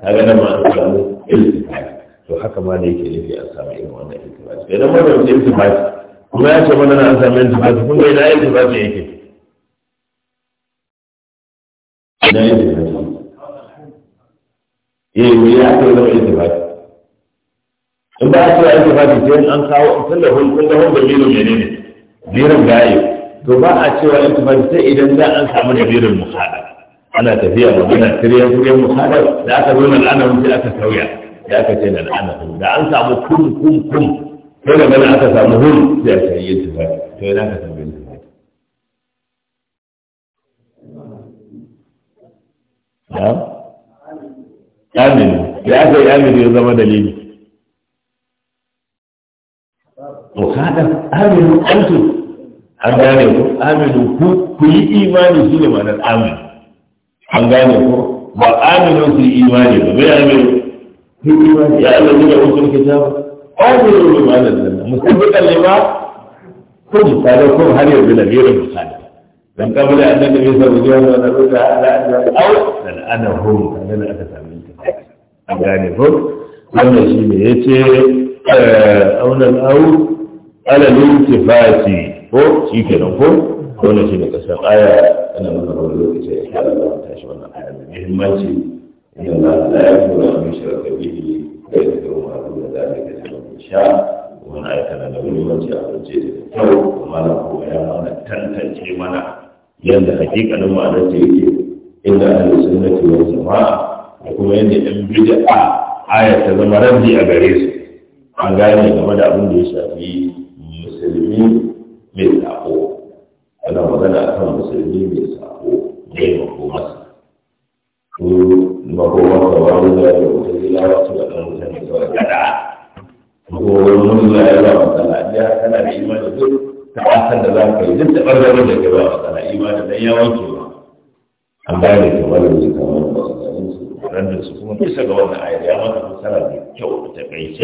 kaga nan ma an samu iltifat to haka ma ne yake nufi an samu irin wannan iltifat idan wannan iltifat kuma ya ce mana an samu iltifat kun ga ina iltifat ne yake ina iltifat eh ya ce zama iltifat in ba a ce a tufafi sai an kawo tun da hun tun da hun dalilin menene dirin gayi to ba a cewa in tufafi sai idan da an samu da birin muhada ana tafiya magana tiryan tiryan muhada da aka zo na la'anar sai aka sauya da aka ce na la'anar da an samu kum kum kum sai da gana aka samu hun sai a ce yin tufafi to yana ka samu yin tufafi. Ya? Aminu, da aka yi aminu ya zama dalili. to kada aminu antu an gane ku aminu ku ku yi imani shi ne ma'anar aminu an gane ku ba aminu su yi imani ba bai aminu yi ya Allah ne da wasu ke aminu ne ma'anar zanna musulmikan kalli ba ko misalai ko har yanzu da biyarin misalai dan kabila annabi bai sa ruwa da na Allah da au dan ana hum dan ana aka sami an gane ku wannan shi ne yace eh, auna au alalin tifati ko shi ke nan ko wannan shi ne kasar aya ana mana wani lokaci ya kyara da wata shi wannan aya da muhimmanci inda na la ya fura min shirka bihi da ya ga umaru da a yi da mun sha wannan aya tana da muhimmanci a rance da kyau kuma na kuma ya mana tantance mana yadda hakikalin ma'anar ta yake inda ahlus sunnati wal jama'a da kuma yadda yan bid'a aya ta zama rabbi a gare su an gane game da abin da ya shafi musulmi mai sako ana magana akan musulmi mai sako mai makomasa ko makomasa wani da ya wuce zilawa su da ɗan mutane da wani gada makomar wani zai ya yi ba matsala ya kana da imanin duk asar da za ka yi duk da ɓangaren da ke ba matsala imanin dan ya wanke ba an ba da kamar da kamar ba su ganin su ran da su kuma bisa ga wannan ayyar ya maka fasara da kyau ta kai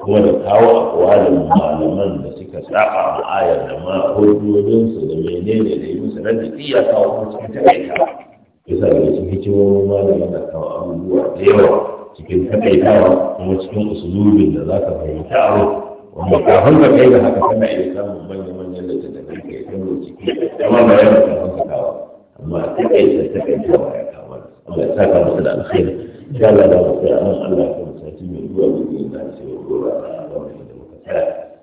kuma da kawo akwalin malaman da suka saba ayar da ma hujjojinsu da menene da yi musu da iya kawo kuma cikin takaita bisa da cikin hikimomin malaman da kawo abubuwa da yawa cikin takaitawa kuma cikin usulubin da za ka fahimta a wanda ka ka kai da haka kana iya samun manya-manyan da tattafai ka ke kano ciki kuma ba yana kafin hanga kawo amma takaita takaitawa ya kawo amma ya saka musu da alkhairi. Insha Allah za mu a nan Allah ya kuma sati mai zuwa da zai dace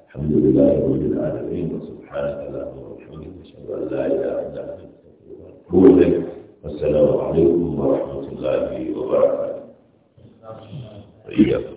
الحمد لله رب العالمين وسبحانك اللهم وبحمدك اشهد ان لا اله الا انت والسلام عليكم ورحمه الله وبركاته